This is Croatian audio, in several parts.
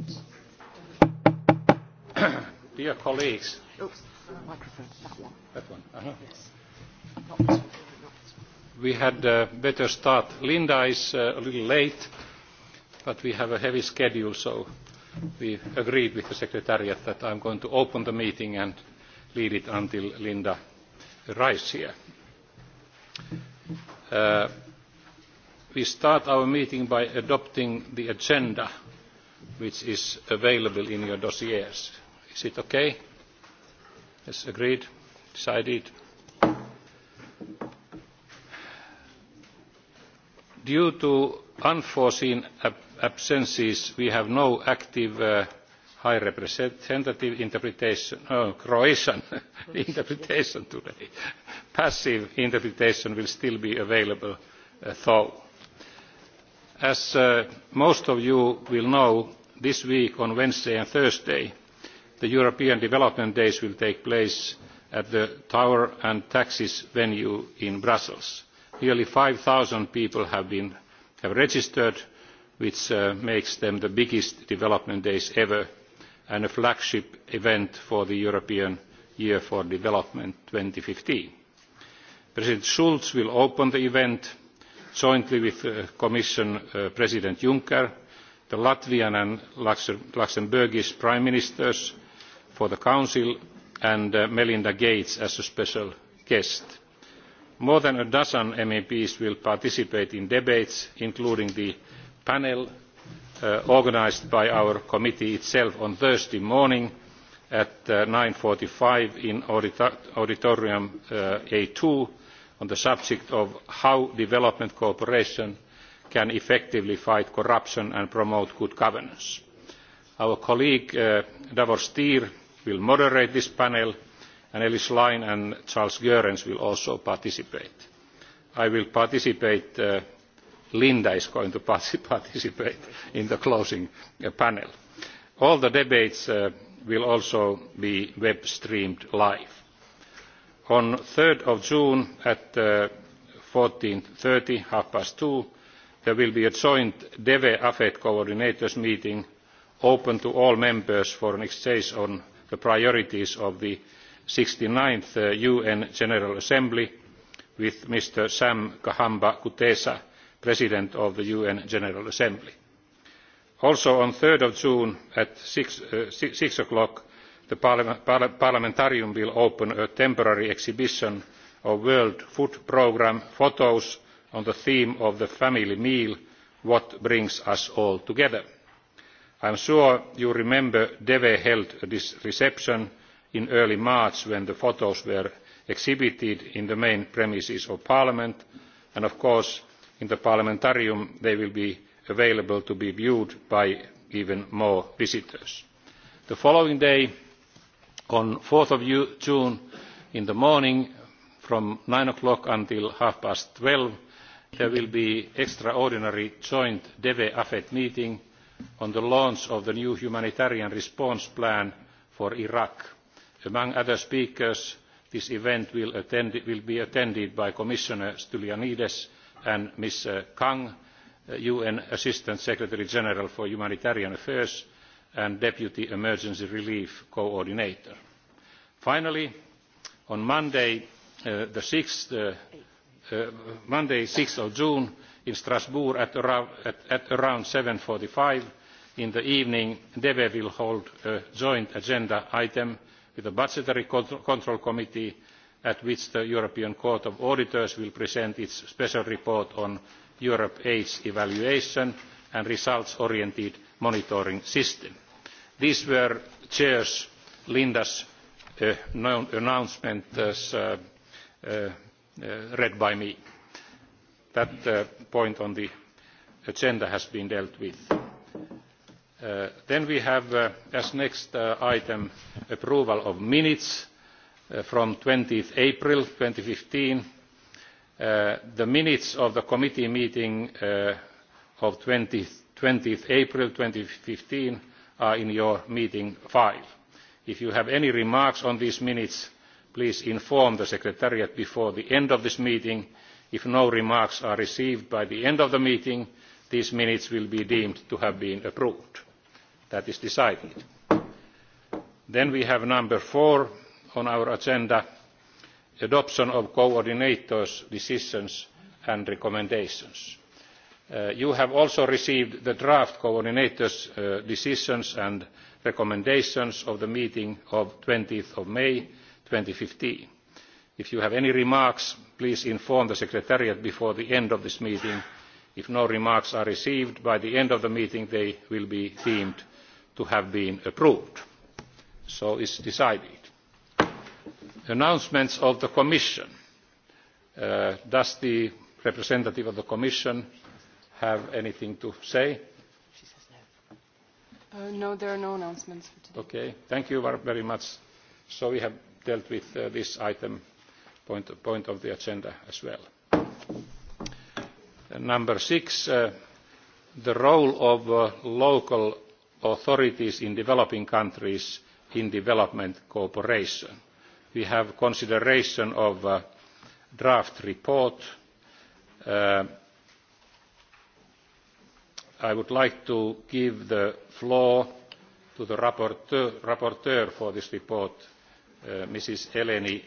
Dear colleagues. Uh-huh. we had uh, better start. Linda is uh, a little late, but we have a heavy schedule, so we agreed with the Secretariat that I am going to open the meeting and lead it until Linda arrives here. Uh, we start our meeting by adopting the agenda which is available in your dossiers. Is it okay? Yes, agreed, decided. Due to unforeseen absences, we have no active uh, high representative interpretation, no, Croatian interpretation today. Passive interpretation will still be available, uh, though. As uh, most of you will know, this week on wednesday and thursday the european development days will take place at the tower and taxis venue in brussels. nearly five people have, registered which uh, makes them the biggest development days ever and a flagship event for the european year for development. two thousand and fifteen president schulz will open the event jointly with uh, commission uh, president juncker the latvian and luxembourgish prime ministers for the council and uh, melinda gates as a special guest. more than a dozen meps will participate in debates including the panel uh, organised by our committee itself on thursday morning at. Uh, nine forty five in auditorium a two on the subject of how development cooperation can effectively fight corruption and promote good governance. our colleague uh, davor stier will moderate this panel and elly leinen and charles goerens will also participate. i will participate uh, linda is going to participate in the closing uh, panel. all the debates will also be web streamed live. on three june at. fourteen thirty half past there will be a joint deve afet coordinators meeting open to all members for an exchange on the priorities of the sixty ninth un uh, general assembly with mr sam kahamba kutesa president of the un general assembly. also on three june at six uh, o'clock the parliamentarium will open a temporary exhibition of world food programme photos on the theme of the family meal what brings us all together. i am sure you remember deve held this reception in early march when the photos were exhibited in the main premises of parliament and of course in the parliamentarium they will be available to be viewed by even more visitors. the following day on four june in the morning from nine o'clock until half past twelve There will be an extraordinary joint DEVE AFET meeting on the launch of the new humanitarian response plan for Iraq. Among other speakers, this event will, be attended by Commissioner Stylianides and Ms uh, Kang, UN uh, Assistant Secretary General for Humanitarian Affairs and Deputy Emergency Relief Coordinator. Finally, on Monday, uh, six 6 Uh, monday six june in strasbourg at around. seven forty five in the evening deve will hold a joint agenda item with the budgetary control committee at which the european court of auditors will present its special report on europe aids evaluation and results oriented monitoring system. these were Chairs linda's uh, announcements uh, Uh, read by me. that uh, point on the agenda has been dealt with. Uh, then we have as next item approval of minutes from twenty april two thousand and fifteen the minutes of the committee meeting of twenty april two fifteen are in your meeting file. if you have any remarks on these minutes please inform the secretariat before the end of this meeting. if no remarks are received by the end of the meeting these minutes will be deemed to have been approved. that is decided. then we have number four on our agenda adoption of coordinators' decisions and recommendations. Uh, you have also received the draft coordinators' uh, decisions and recommendations of the meeting of twenty may and fifteen if you have any remarks please inform the secretariat before the end of this meeting. if no remarks are received by the end of the meeting they will be deemed to have been approved. so it is decided. announcements of the commission uh, does the representative of the commission have anything to say? Uh, no there are no announcements today. thank you very much. so we have dealt with uh, this item point, of the agenda as well. Uh, number six uh, the role of local authorities in developing countries in development cooperation. we have consideration of a draft report. i would like to give the floor to the rapporteur for this report Eh, Mrs. Eleni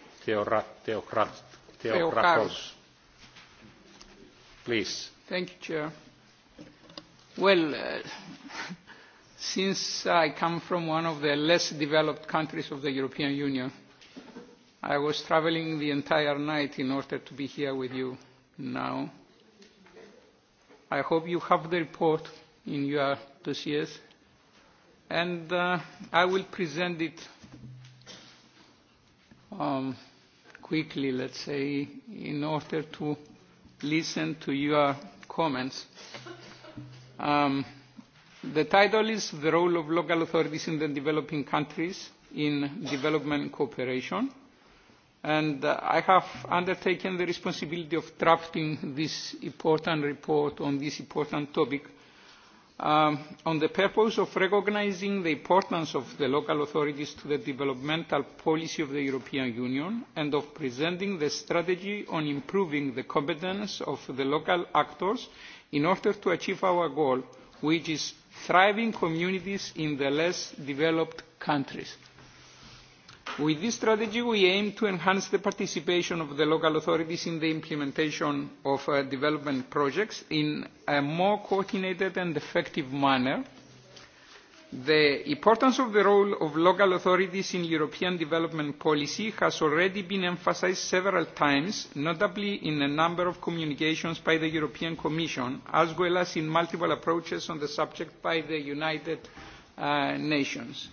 Thank you, Chair. Well, uh, since I come from one of the less developed countries of the European Union, I was traveling the entire night in order to be here with you now. I hope you have the report in your dossiers, and uh, I will present it um, quickly, let's say, in order to listen to your comments. Um, the title is The Role of Local Authorities in the Developing Countries in Development Cooperation. And uh, I have undertaken the responsibility of drafting this important report on this important topic Um, on the purpose of recognising the importance of the local authorities to the developmental policy of the European Union and of presenting the strategy on improving the competence of the local actors in order to achieve our goal, which is thriving communities in the less developed countries. With this strategy, we aim to enhance the participation of the local authorities in the implementation of uh, development projects in a more coordinated and effective manner. The importance of the role of local authorities in European development policy has already been emphasised several times, notably in a number of communications by the European Commission, as well as in multiple approaches on the subject by the United uh, Nations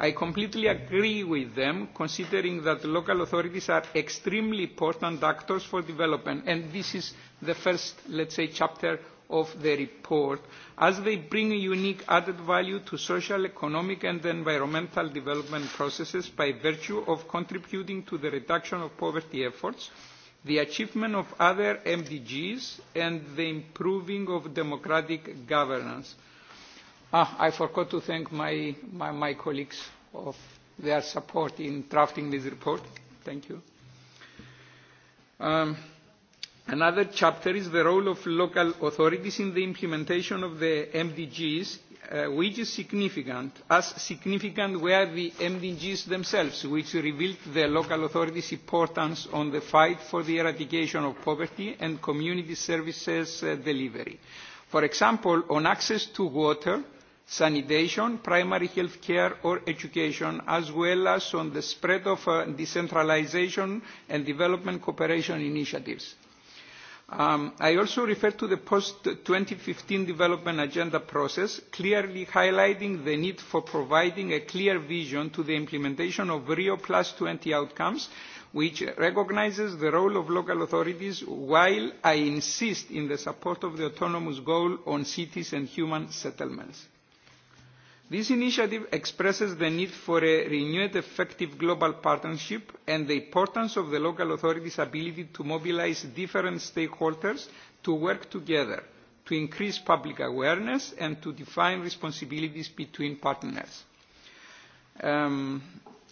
i completely agree with them, considering that local authorities are extremely important actors for development, and this is the first, let's say, chapter of the report, as they bring unique added value to social, economic and environmental development processes by virtue of contributing to the reduction of poverty efforts, the achievement of other MDGs and the improving of democratic governance. Ah, I forgot to thank my, my, my colleagues for their support in drafting this report. Thank you. Um, another chapter is the role of local authorities in the implementation of the MDGs, uh, which is significant, as significant were the MDGs themselves, which revealed the local authorities' importance on the fight for the eradication of poverty and community services uh, delivery. For example, on access to water, sanitation, primary health care or education, as well as on the spread of uh, decentralization and development cooperation initiatives. Um, I also refer to the post-2015 development agenda process, clearly highlighting the need for providing a clear vision to the implementation of Rio Plus 20 outcomes, which recognises the role of local authorities while I insist in the support of the autonomous goal on cities and human settlements. This initiative expresses the need for a renewed effective global partnership and the importance of the local authorities' ability to mobilise different stakeholders to work together, to increase public awareness and to define responsibilities between partners. Um,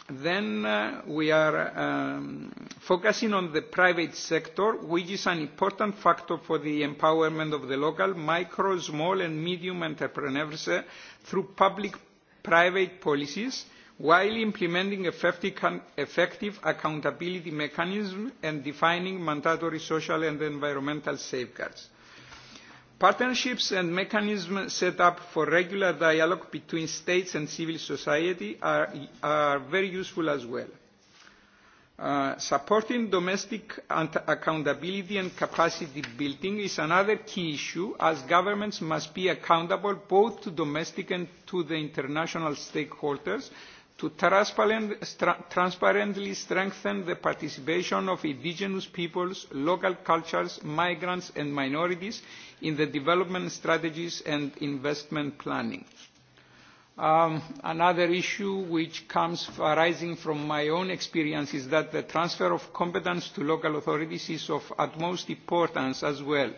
Then uh, we are um, focusing on the private sector, which is an important factor for the empowerment of the local, micro, small and medium entrepreneurs uh, through public-private policies, while implementing effective, effective accountability mechanisms and defining mandatory social and environmental safeguards Partnerships and mechanisms set up for regular dialogue between states and civil society are, very useful as well. Uh, supporting domestic accountability and capacity building is another key issue as governments must be accountable both to domestic and to the international stakeholders to transparently strengthen the participation of indigenous peoples local cultures migrants and minorities in the development strategies and investment planning. Um, another issue which comes arising from my own experience is that the transfer of competence to local authorities is of utmost importance as well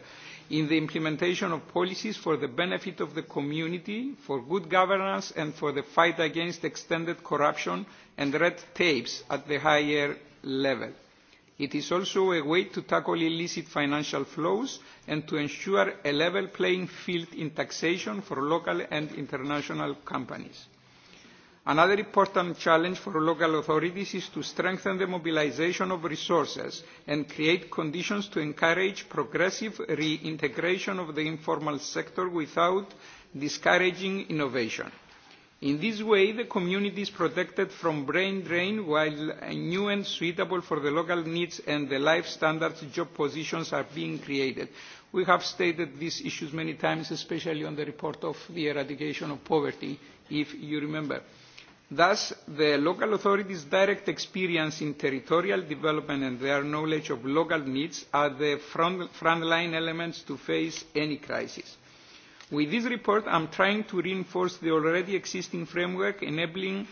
in the implementation of policies for the benefit of the community for good governance and for the fight against extended corruption and red tapes at the higher level. it is also a way to tackle illicit financial flows and to ensure a level playing field in taxation for local and international companies. Another important challenge for local authorities is to strengthen the mobilisation of resources and create conditions to encourage progressive reintegration of the informal sector without discouraging innovation. In this way, the community is protected from brain drain while new and suitable for the local needs and the life standards job positions are being created. We have stated these issues many times, especially on the report of the eradication of poverty, if you remember. Thus, the local authorities' direct experience in territorial development and their knowledge of local needs are the front, frontline elements to face any crisis. With this report, I am trying to reinforce the already existing framework enabling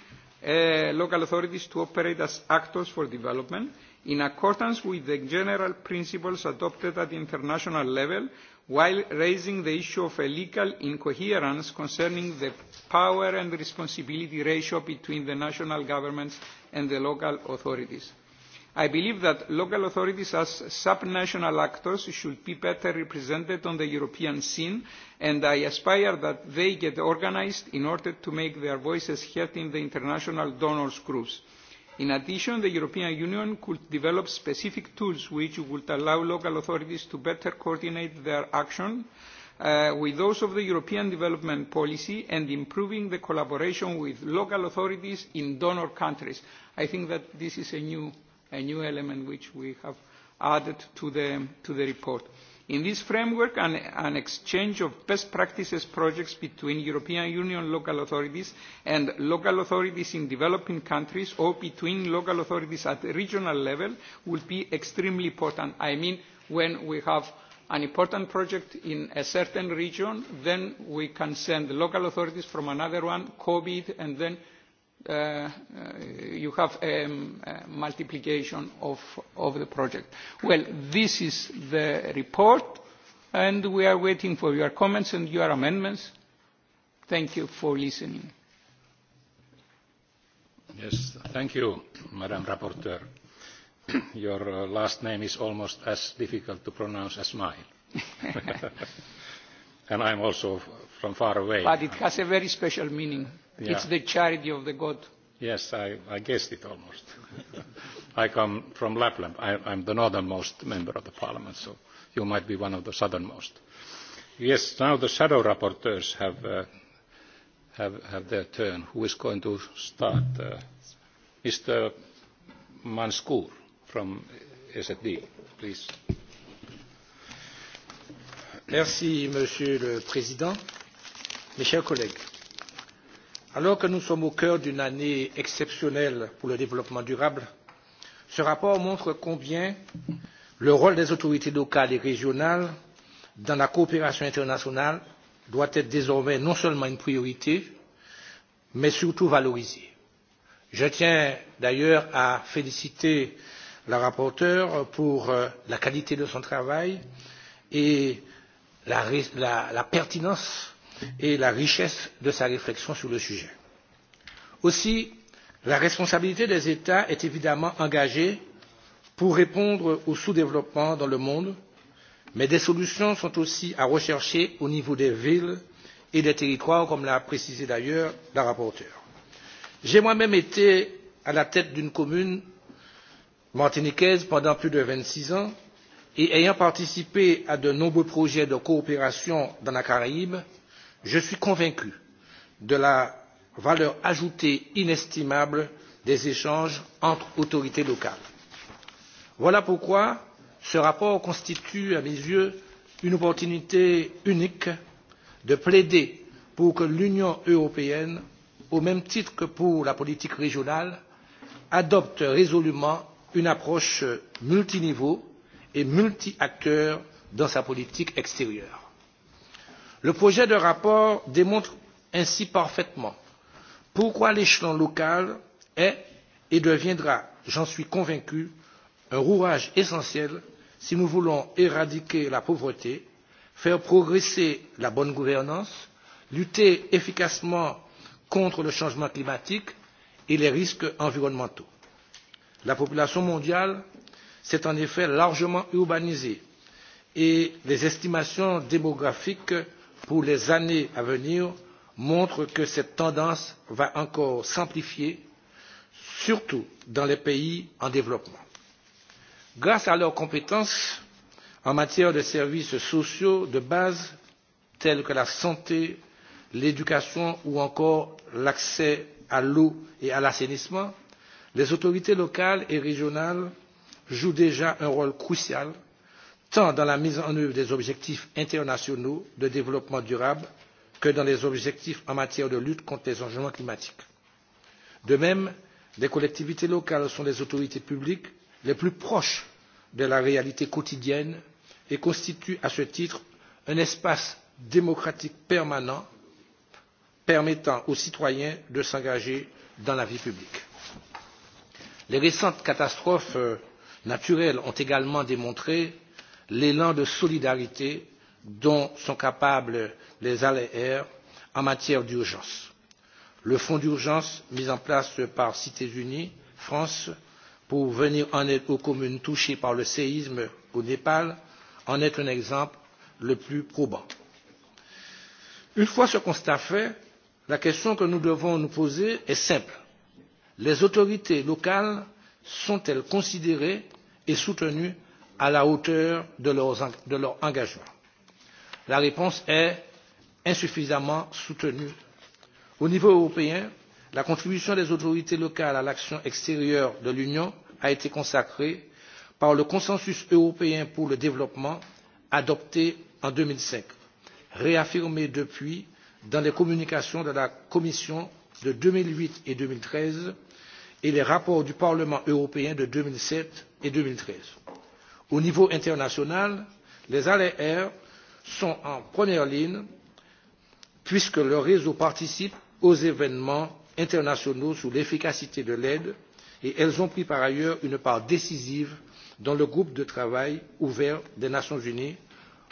uh, local authorities to operate as actors for development in accordance with the general principles adopted at international level while raising the issue of a legal incoherence concerning the power and responsibility ratio between the national governments and the local authorities. I believe that local authorities as subnational actors should be better represented on the European scene and I aspire that they get organised in order to make their voices heard in the international donors groups in addition the european union could develop specific tools which would allow local authorities to better coordinate their action uh, with those of the european development policy and improving the collaboration with local authorities in donor countries. i think that this is a new, a new element which we have added to the, to the report in this framework an, exchange of best practices projects between european union local authorities and local authorities in developing countries or between local authorities at regional level will be extremely important. i mean when we have an important project in a certain region then we can send local authorities from another one COVID it and then Uh, uh, you have a um, uh, multiplication of, the project. Well, this is the report, and we are waiting for your comments and your amendments. Thank you for listening. Yes, thank you, Madam Rapporteur. your last name is almost as difficult to pronounce as mine. and I'm also from far away. But it has a very special meaning. Yeah. It's the charity of the God. Yes, I, I guessed it almost. I come from Lapland. I, I'm the northernmost member of the parliament, so you might be one of the southernmost. Yes, now the shadow rapporteurs have, uh, have, have their turn. Who is going to start? Uh, Mr. Manskour from SD, please. Merci, Monsieur le Président. Mes chers collègues, alors que nous sommes au cœur d'une année exceptionnelle pour le développement durable ce rapport montre combien le rôle des autorités locales et régionales dans la coopération internationale doit être désormais non seulement une priorité mais surtout valorisé. je tiens d'ailleurs à féliciter la rapporteure pour euh, la qualité de son travail et la, la, la pertinence et la richesse de sa réflexion sur le sujet. Aussi, la responsabilité des États est évidemment engagée pour répondre au sous-développement dans le monde, mais des solutions sont aussi à rechercher au niveau des villes et des territoires, comme l'a précisé d'ailleurs la rapporteure. J'ai moi-même été à la tête d'une commune martiniquaise pendant plus de 26 ans et ayant participé à de nombreux projets de coopération dans la Caraïbe, je suis convaincu de la valeur ajoutée inestimable des échanges entre autorités locales. voilà pourquoi ce rapport constitue à mes yeux une opportunité unique de plaider pour que l'union européenne au même titre que pour la politique régionale adopte résolument une approche multiniveau et multiacteur dans sa politique extérieure le projet de rapport démontre ainsi parfaitement pourquoi l'échelon local est et deviendra j'en suis convaincu un rouage essentiel si nous voulons éradiquer la pauvreté faire progresser la bonne gouvernance lutter efficacement contre le changement climatique et les risques environnementaux. la population mondiale s'est en effet largement urbanisée et les estimations démographiques pour les années à venir montrent que cette tendance va encore s'amplifier surtout dans les pays en développement. grâce à leurs compétences en matière de services sociaux de base tels que la santé l'éducation ou encore l'accès à l'eau et à l'assainissement les autorités locales et régionales jouent déjà un rôle crucial tant dans la mise en œuvre des objectifs internationaux de développement durable que dans les objectifs en matière de lutte contre les changements climatiques. de même les collectivités locales sont les autorités publiques les plus proches de la réalité quotidienne et constituent à ce titre un espace démocratique permanent permettant aux citoyens de s'engager dans la vie publique. les récentes catastrophes euh, naturelles ont également démontré l'élan de solidarité dont sont capables les aléaires en matière d'urgence. le fonds d'urgence mis en place par cités unies france pour venir en aide aux communes touchées par le séisme au népal en est un exemple le plus probant. une fois ce constat fait la question que nous devons nous poser est simple les autorités locales sont elles considérées et soutenues à la hauteur de, leur engagement. La réponse est insuffisamment soutenue. Au niveau européen, la contribution des autorités locales à l'action extérieure de l'Union a été consacrée par le consensus européen pour le développement adopté en 2005, réaffirmé depuis dans les communications de la Commission de 2008 et 2013 et les rapports du Parlement européen de 2007 et 2013. Au niveau international, les ALR sont en première ligne puisque leur réseau participe aux événements internationaux sur l'efficacité de l'aide et elles ont pris par ailleurs une part décisive dans le groupe de travail ouvert des Nations Unies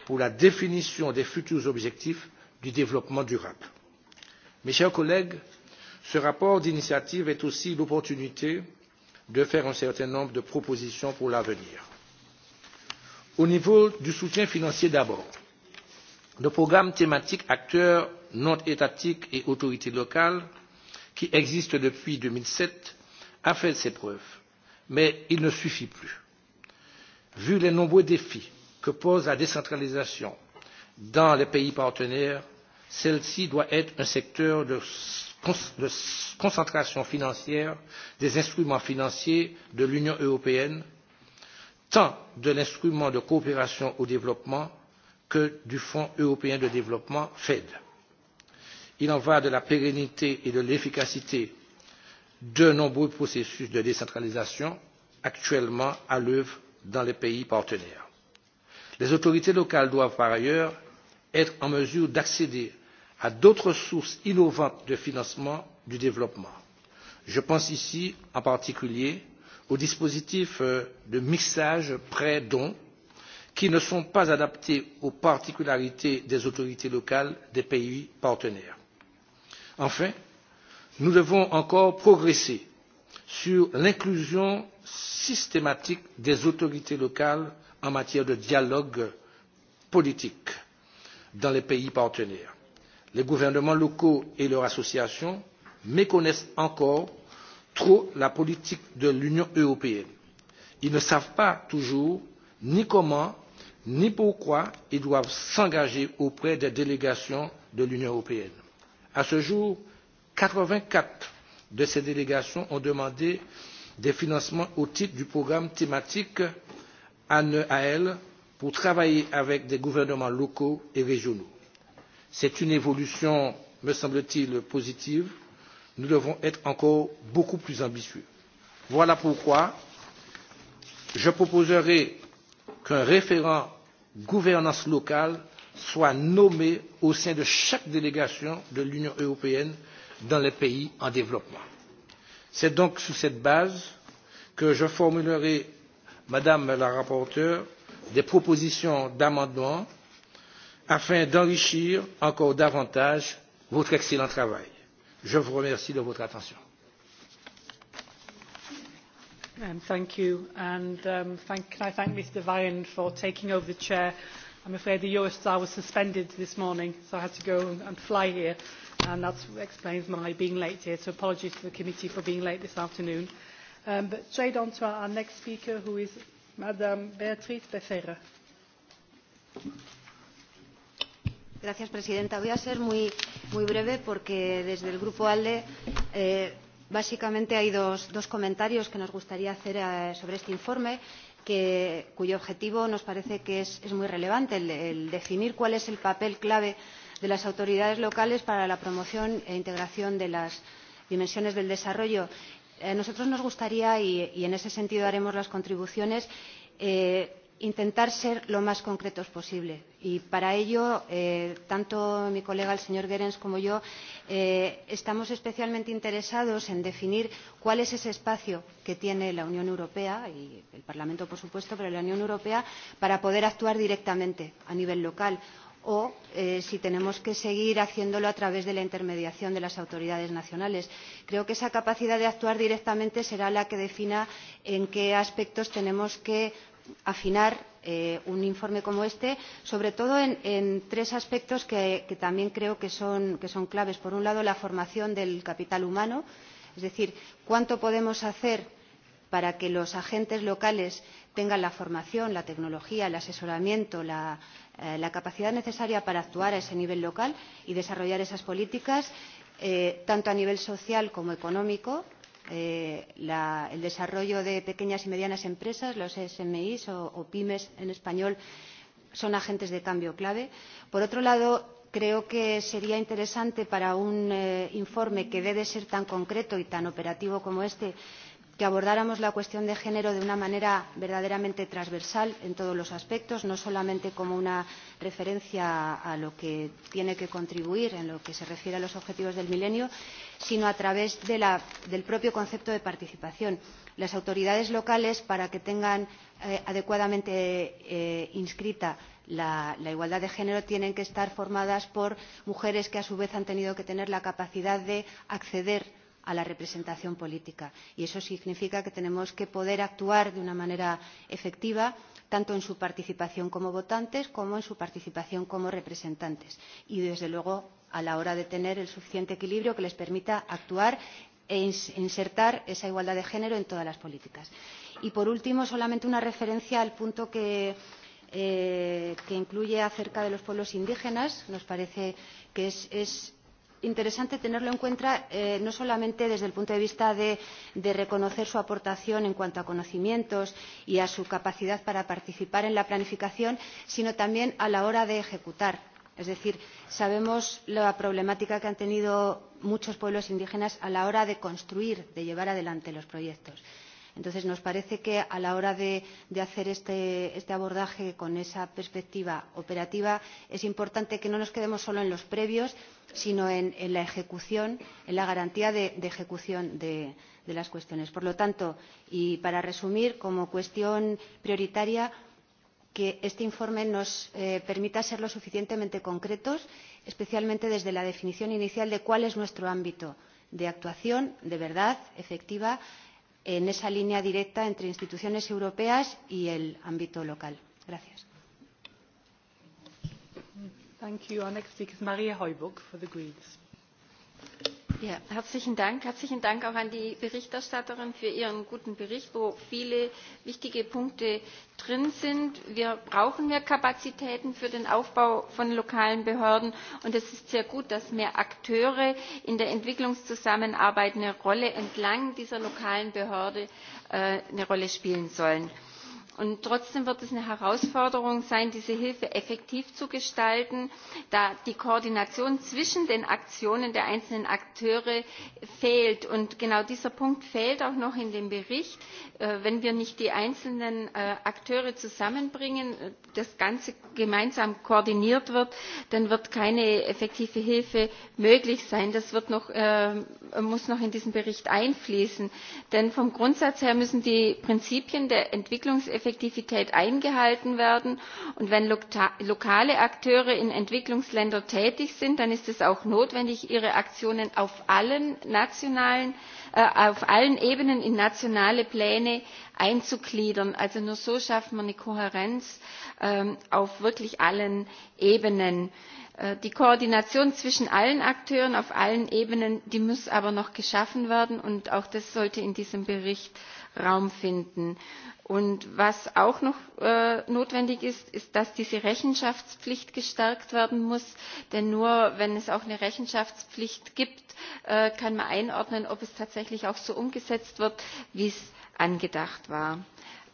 pour la définition des futurs objectifs du développement durable. Mes chers collègues, ce rapport d'initiative est aussi l'opportunité de faire un certain nombre de propositions pour l'avenir. Au niveau du soutien financier d'abord, le programme thématique acteurs non étatiques et autorités locales, qui existe depuis 2007, a fait ses preuves, mais il ne suffit plus. Vu les nombreux défis que pose la décentralisation dans les pays partenaires, celle-ci doit être un secteur de de concentration financière des instruments financiers de l'Union européenne tant de l'instrument de coopération au développement que du fonds européen de développement fed. il en va de la pérennité et de l'efficacité de nombreux processus de décentralisation actuellement à l'œuvre dans les pays partenaires. les autorités locales doivent par ailleurs être en mesure d'accéder à d'autres sources innovantes de financement du développement. je pense ici en particulier aux dispositifs euh, de mixage prêt don qui ne sont pas adaptés aux particularités des autorités locales des pays partenaires. enfin nous devons encore progresser sur l'inclusion systématique des autorités locales en matière de dialogue politique dans les pays partenaires. les gouvernements locaux et leurs associations méconnaissent encore trop la politique de l'union européenne. ils ne savent pas toujours ni comment ni pourquoi ils doivent s'engager auprès des délégations de l'union européenne. à ce jour quatre vingt quatre de ces délégations ont demandé des financements au titre du programme thématique ANEAL pour travailler avec des gouvernements locaux et régionaux. C'est une évolution, me semble t il, positive nous devons être encore beaucoup plus ambitieux. voilà pourquoi je proposerai qu'un référent gouvernance locale soit nommé au sein de chaque délégation de l'union européenne dans les pays en développement. c'est donc sur cette base que je formulerai madame la rapporteure des propositions d'amendement afin d'enrichir encore davantage votre excellent travail je vous remercie de votre attention. Um, thank you and um, thank, can i thank mr vayan for taking over the chair. i am afraid the eurostar was suspended this morning so i had to go and fly here and that explains my being late here so apologies to the committee for being late this afternoon. Um, but trade on to our next speaker who is Madame beatrice becerra. Señora presidenta. Voy a ser muy, breve porque desde el Grupo ALDE eh, básicamente hay dos, comentarios que nos gustaría hacer eh, sobre este informe. cuyo objetivo nos parece que es, muy relevante el, definir cuál es el papel clave de las autoridades locales para la promoción e integración de las dimensiones del desarrollo. A eh, nosotros nos gustaría y, en ese sentido haremos las contribuciones intentar ser lo más concretos posible y para ello eh, tanto mi colega el señor goerens como yo eh, estamos especialmente interesados en definir cuál es ese espacio que tiene la unión europea y el parlamento por supuesto pero la unión europea para poder actuar directamente a nivel local o eh, si tenemos que seguir haciéndolo a través de la intermediación de las autoridades nacionales. creo que esa capacidad de actuar directamente será la que defina en qué aspectos tenemos que afinar eh, un informe como este, sobre todo en, en tres aspectos que, que también creo que son, que son claves. Por un lado, la formación del capital humano, es decir, cuánto podemos hacer para que los agentes locales tengan la formación, la tecnología, el asesoramiento, la, eh, la capacidad necesaria para actuar a ese nivel local y desarrollar esas políticas, eh, tanto a nivel social como económico Eh, el desarrollo de pequeñas y medianas empresas, los SMI o, o pymes en español, son agentes de cambio clave. Por otro lado, creo que sería interesante para un eh, informe que debe ser tan concreto y tan operativo como este que abordáramos la cuestión de género de una manera verdaderamente transversal en todos los aspectos no solamente como una referencia a lo que tiene que contribuir en lo que se refiere a los objetivos del milenio sino a través del propio concepto de participación las autoridades locales para que tengan eh, adecuadamente eh, inscrita la igualdad de género tienen que estar formadas por mujeres que a su vez han tenido que tener la capacidad de acceder a la representación política y eso significa que tenemos que poder actuar de una manera efectiva tanto en su participación como votantes como en su participación como representantes y desde luego a la hora de tener el suficiente equilibrio que les permita actuar e insertar esa igualdad de género en todas las políticas. y por último solamente una referencia al punto que eh, que incluye acerca de los pueblos indígenas nos parece que es interesante tenerlo en cuenta eh, no solamente desde el punto de vista de, de reconocer su aportación en cuanto a conocimientos y a su capacidad para participar en la planificación sino también a la hora de ejecutar es decir sabemos la problemática que han tenido muchos pueblos indígenas a la hora de construir de llevar adelante los proyectos. Entonces, nos parece que a la hora de, de hacer este, este abordaje con esa perspectiva operativa es importante que no nos quedemos solo en los previos, sino en, la ejecución, en la garantía de, ejecución de, de las cuestiones. Por lo tanto, y para resumir, como cuestión prioritaria, que este informe nos eh, permita ser lo suficientemente concretos, especialmente desde la definición inicial de cuál es nuestro ámbito de actuación de verdad efectiva en esa línea directa entre instituciones europeas y el ámbito local. Gracias. Thank you. Our next speaker is Maria Heuburg for the Greens. Ja, herzlichen Dank. Herzlichen Dank auch an die Berichterstatterin für ihren guten Bericht, wo viele wichtige Punkte drin sind. Wir brauchen mehr Kapazitäten für den Aufbau von lokalen Behörden. Und es ist sehr gut, dass mehr Akteure in der Entwicklungszusammenarbeit eine Rolle entlang dieser lokalen Behörde äh, eine Rolle spielen sollen und trotzdem wird es eine herausforderung sein diese hilfe effektiv zu gestalten da die koordination zwischen den aktionen der einzelnen akteure fehlt und genau dieser punkt fehlt auch noch in dem bericht äh, wenn wir nicht die einzelnen äh, akteure zusammenbringen äh, das ganze gemeinsam koordiniert wird dann wird keine effektive hilfe möglich sein das muss noch in diesen bericht einfließen denn vom grundsatz her müssen die prinzipien der entwicklungs effektivität eingehalten werden und wenn lokale akteure in entwicklungsländern tätig sind dann ist es auch notwendig ihre aktionen auf allen äh, ebenen in nationale pläne einzugliedern. also nur so schafft man eine kohärenz ähm, auf wirklich allen ebenen. Äh, die koordination zwischen allen akteuren auf allen ebenen muss aber noch geschaffen werden und auch das sollte in diesem bericht raum finden. Und was auch noch äh, notwendig ist ist dass diese rechenschaftspflicht gestärkt werden muss denn nur wenn es auch eine rechenschaftspflicht gibt äh, kann man einordnen ob es tatsächlich auch so umgesetzt wird wie es angedacht war.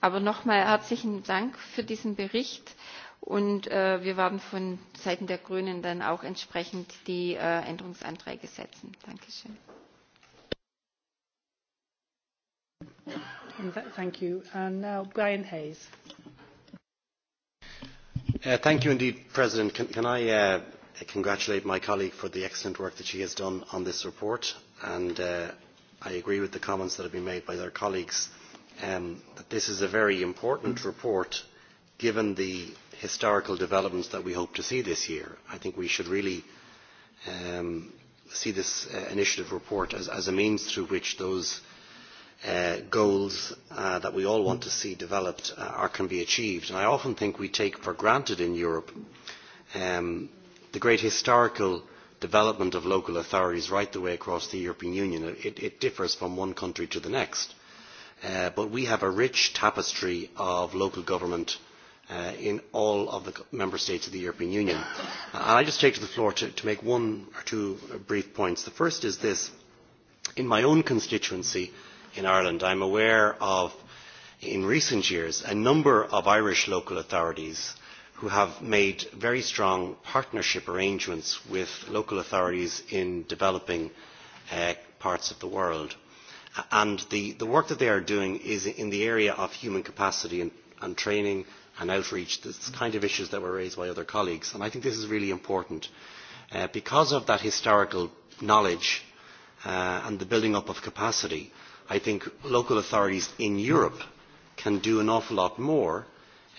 aber nochmal herzlichen dank für diesen bericht und äh, wir werden von seiten der grünen dann auch entsprechend die äh, änderungsanträge setzen. danke schön. Thank you. And now Brian Hayes. Uh, thank you indeed, President. Can, can I uh, congratulate my colleague for the excellent work that she has done on this report? And uh, I agree with the comments that have been made by their colleagues um, that this is a very important report given the historical developments that we hope to see this year. I think we should really um, see this uh, initiative report as, as a means through which those uh, goals uh, that we all want to see developed are, can be achieved. And I often think we take for granted in Europe um, the great historical development of local authorities right the way across the European Union. It, it differs from one country to the next. but we have a rich tapestry of local government Uh, in all of the member states of the European Union. Uh, I just take to the floor to, make one or two brief points. The first is this. In my own constituency in Ireland, I am aware of, in recent years, a number of Irish local authorities who have made very strong partnership arrangements with local authorities in developing uh, parts of the world. And the, the work that they are doing is in the area of human capacity and training – and outreach, the kind of issues that were raised by other colleagues. And I think this is really important. Uh, because of that historical knowledge uh, and the building up of capacity, I think local authorities in Europe can do an awful lot more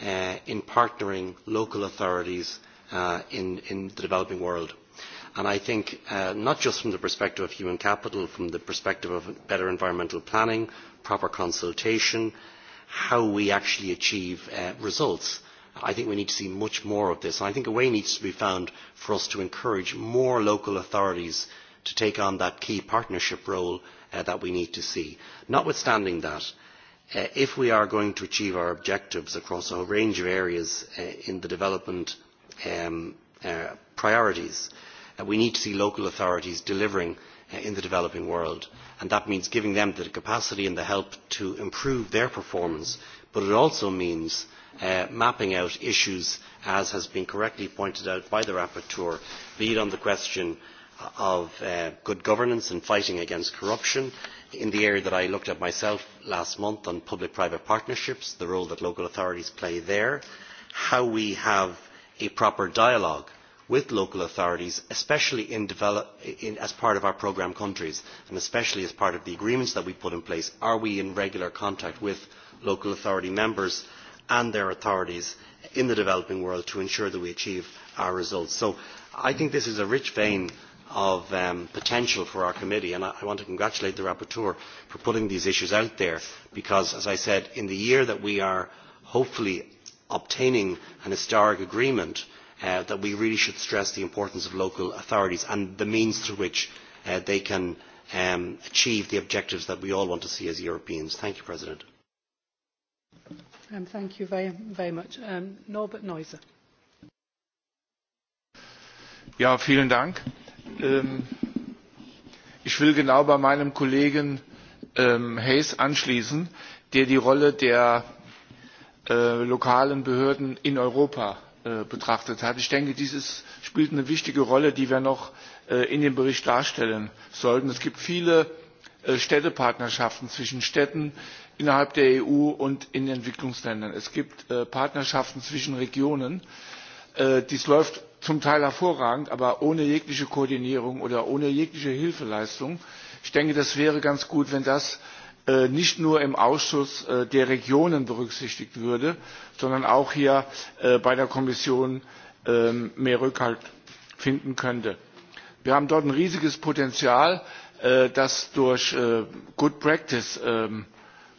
uh, in partnering local authorities uh, in, in the developing world. And I think uh, not just from the perspective of human capital, from the perspective of better environmental planning, proper consultation, how we actually achieve uh, results. I think we need to see much more of this. And I think a way needs to be found for us to encourage more local authorities to take on that key partnership role uh, that we need to see. Notwithstanding that, uh, if we are going to achieve our objectives across a range of areas uh, in the development um, uh, priorities, uh, we need to see local authorities delivering in the developing world and that means giving them the capacity and the help to improve their performance but it also means uh, mapping out issues as has been correctly pointed out by the rapporteur be it on the question of uh, good governance and fighting against corruption in the area that i looked at myself last month on public private partnerships the role that local authorities play there how we have a proper dialogue with local authorities, especially in develop, in, as part of our programme countries and especially as part of the agreements that we put in place, are we in regular contact with local authority members and their authorities in the developing world to ensure that we achieve our results. So I think this is a rich vein of um, potential for our committee and I, I want to congratulate the rapporteur for putting these issues out there because, as I said, in the year that we are hopefully obtaining an historic agreement uh, that we really should stress the importance of local authorities and the means through which uh, they can um, achieve the objectives that we all want to see as Europeans. Thank you, President. Um, thank you very, very much. Um, Norbert Neuser. Ja, vielen Dank. Ähm, ich will genau bei meinem Kollegen ähm, Hayes anschließen, der die Rolle der äh, lokalen Behörden in Europa Äh, betrachtet hat. Ich denke, dies spielt eine wichtige Rolle, die wir noch äh, in dem Bericht darstellen sollten. Es gibt viele äh, Städtepartnerschaften zwischen Städten innerhalb der EU und in Entwicklungsländern. Es gibt Partnerschaften zwischen Regionen. Dies läuft zum Teil hervorragend, aber ohne jegliche Koordinierung oder ohne jegliche Hilfeleistung. Ich denke, das wäre ganz gut, wenn das Äh, nicht nur im ausschuss äh, der regionen berücksichtigt würde sondern auch hier äh, bei der kommission ähm, mehr rückhalt finden könnte. wir haben dort ein riesiges potenzial das durch good practice ähm,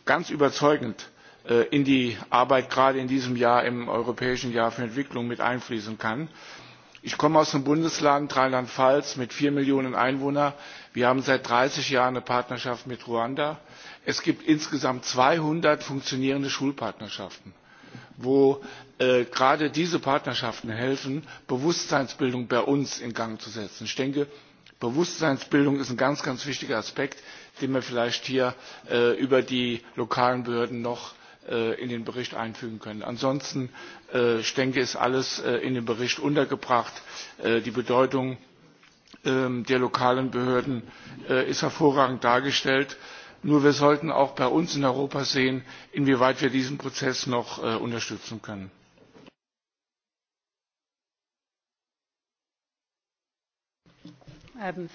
ganz überzeugend in die arbeit gerade in diesem jahr im europäischen jahr für entwicklung mit einfließen kann ich komme aus dem bundesland rheinland pfalz mit vier millionen einwohnern. wir haben seit dreißig jahren eine partnerschaft mit ruanda. es gibt insgesamt zweihundert funktionierende schulpartnerschaften wo äh, gerade diese partnerschaften helfen bewusstseinsbildung bei uns in gang zu setzen. ich denke bewusstseinsbildung ist ein ganz ganz wichtiger aspekt den wir vielleicht hier äh, über die lokalen behörden noch Äh, in den Bericht einfügen können. Ansonsten, ich äh, denke, ist alles äh, in dem Bericht untergebracht. Die Bedeutung ähm, der lokalen Behörden ist hervorragend dargestellt. Nur wir sollten auch bei uns in Europa sehen, inwieweit wir diesen Prozess noch unterstützen können. Um,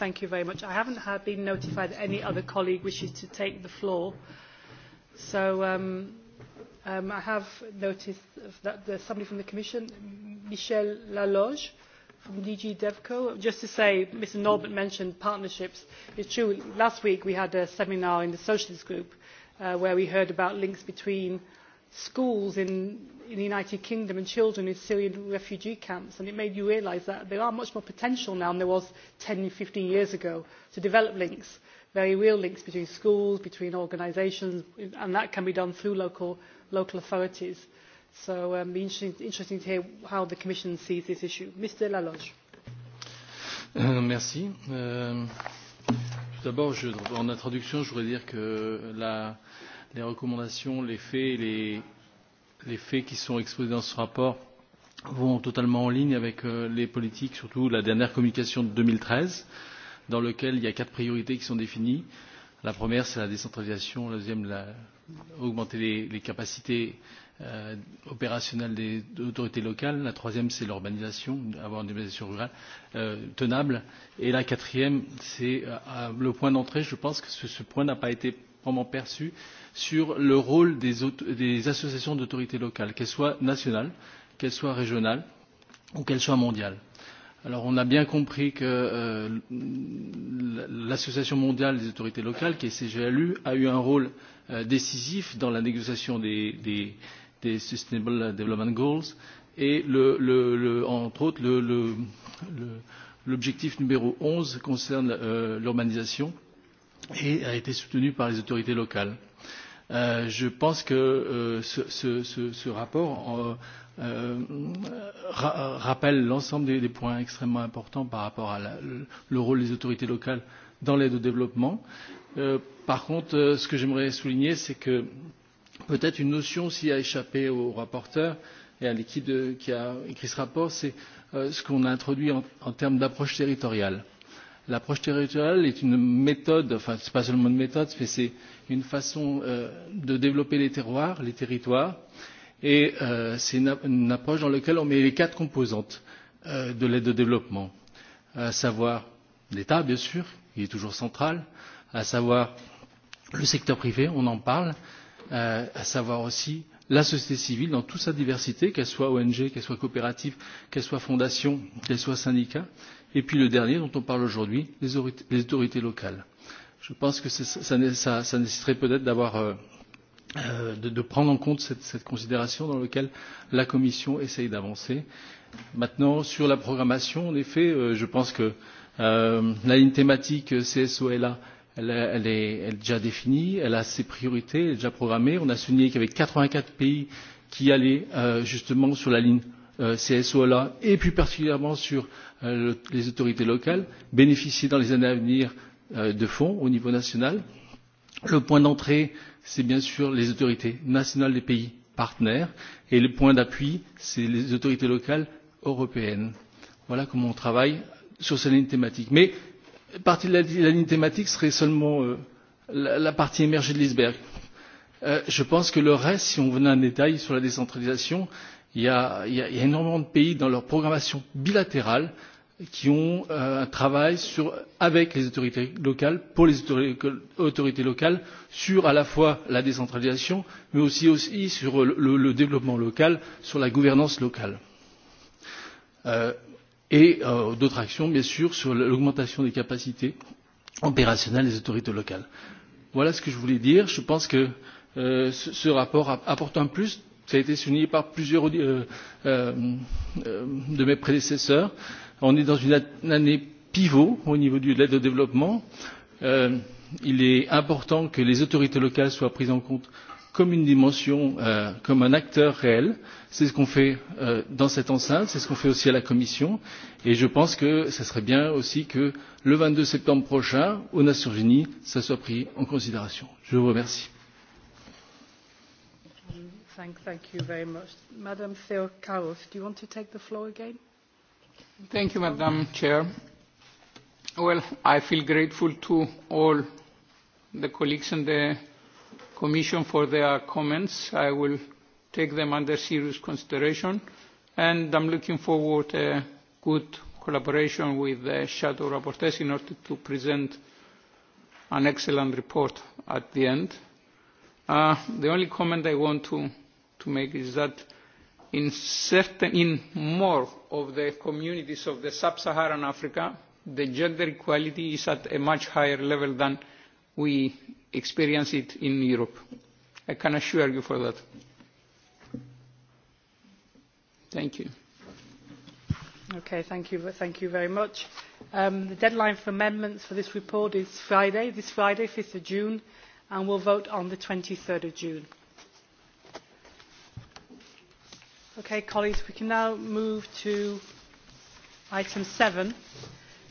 thank you very much. I haven't been notified that any other colleague wishes to take the floor. So um, um, I have noticed that there's somebody from the Commission, Michel Laloge from DG DevCo. Just to say, Mr. Norbert mentioned partnerships. It's true, last week we had a seminar in the Socialist Group uh, where we heard about links between schools in, in the United Kingdom and children in Syrian refugee camps, and it made you realise that there are much more potential now than there was 10, 15 years ago to develop links very real links between schools between organisations and that can be done through local, local authorities. so it um, will be interesting, to hear how the commission sees this issue. mr Laloge. tout d'abord en introduction je voudrais dire que les recommandations les faits les, les faits qui sont exposés dans ce rapport vont totalement en ligne avec euh, les politiques surtout la dernière communication de deux mille treize dans lequel il y a quatre priorités qui sont définies. La première, c'est la décentralisation. La deuxième, la, augmenter les, les capacités euh, opérationnelles des autorités locales. La troisième, c'est l'urbanisation, avoir une urbanisation rurale euh, tenable. Et la quatrième, c'est euh, le point d'entrée. Je pense que ce, ce point n'a pas été vraiment perçu sur le rôle des, des associations d'autorités locales, qu'elles soient nationales, qu'elles soient régionales ou qu'elles soient mondiales Alors on a bien compris que euh, l'Association mondiale des autorités locales, qui est CGLU, a eu un rôle euh, décisif dans la négociation des, des, des Sustainable Development Goals et le, le, le, entre autres l'objectif numéro 11 concerne euh, l'urbanisation et a été soutenu par les autorités locales. Euh, je pense que euh, ce, ce, ce rapport euh, euh, ra rappelle l'ensemble des, des points extrêmement importants par rapport à la, le, le rôle des autorités locales dans l'aide au développement. Euh, par contre, euh, ce que j'aimerais souligner, c'est que peut être une notion aussi a échappé au rapporteur et à l'équipe qui a écrit ce rapport, c'est euh, ce qu'on a introduit en, en termes d'approche territoriale. L'approche territoriale est une méthode, enfin ce n'est pas seulement une méthode, mais c'est une façon euh, de développer les terroirs, les territoires, et euh, c'est une, approche dans laquelle on met les quatre composantes euh, de l'aide au développement à savoir l'état bien sûr qui est toujours central à savoir le secteur privé on en parle euh, à savoir aussi la société civile dans toute sa diversité qu'elle soit ong qu'elle soit coopérative qu'elle soit fondation qu'elle soit syndicat et puis le dernier dont on parle aujourd'hui les autorités locales. je pense que ça, ça, ça nécessiterait peut être d'avoir euh, Euh, de, prendre en compte cette, considération dans laquelle la commission essaye d'avancer. maintenant sur la programmation en effet euh, je pense que euh, la ligne thématique csola elle, elle, est, elle est déjà définie elle a ses priorités elle est déjà programmée. on a souligné qu'il y avait quatre vingt quatre pays qui allaient justement sur la ligne cSO csola et plus particulièrement sur les autorités locales bénéficier dans les années à venir de fonds au niveau national le point d'entrée c'est bien sûr les autorités nationales des pays partenaires et le point d'appui c'est les autorités locales européennes. voilà comment on travaille sur cette ligne thématique. mais partie de la, ligne thématique serait seulement euh, la, partie émergée de l'iceberg. Euh, je pense que le reste si on venait un détail sur la décentralisation il y, a, il y a énormément de pays dans leur programmation bilatérale qui ont euh, un travail avec les autorités locales pour les autorités locales sur à la fois la décentralisation mais aussi, aussi sur le, développement local sur la gouvernance locale euh, et euh, d'autres actions bien sûr sur l'augmentation des capacités opérationnelles des autorités locales. voilà ce que je voulais dire. je pense que ce, ce rapport apporte un plus cela a été souligné par plusieurs de mes prédécesseurs on est dans une année pivot au niveau de l'aide au développement. Euh, il est important que les autorités locales soient prises en compte comme une dimension euh, comme un acteur réel c'est ce qu'on fait euh, dans cette enceinte c'est ce qu'on fait aussi à la commission et je pense que ce serait bien aussi que le vingt deux septembre prochain aux nations unies cela soit pris en considération. je vous remercie. Thank, thank you very much. Thank you, Madam President, I feel grateful to all the colleagues in the Commission for their comments. I will take them under serious consideration and I am looking forward to a good collaboration with the shadow rapporteurs in order to present an excellent report at the end. Uh, the only comment I want to make is that in certain in more of the communities of the sub saharan africa the gender equality is at a much higher level than we experience it in europe i can assure you for that thank you okay thank you thank you very much um, the deadline for amendments for this report is friday this friday 5th of june and we will vote on the 23rd of june Okay, colleagues, we can now move to item seven,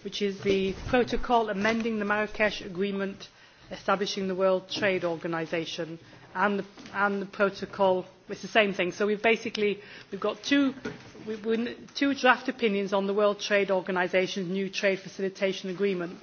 which is the protocol amending the Marrakesh Agreement establishing the World Trade Organization and the, protocol. It's the same thing. So we've basically we've got two, we've, two draft opinions on the World Trade Organization's new trade facilitation agreement.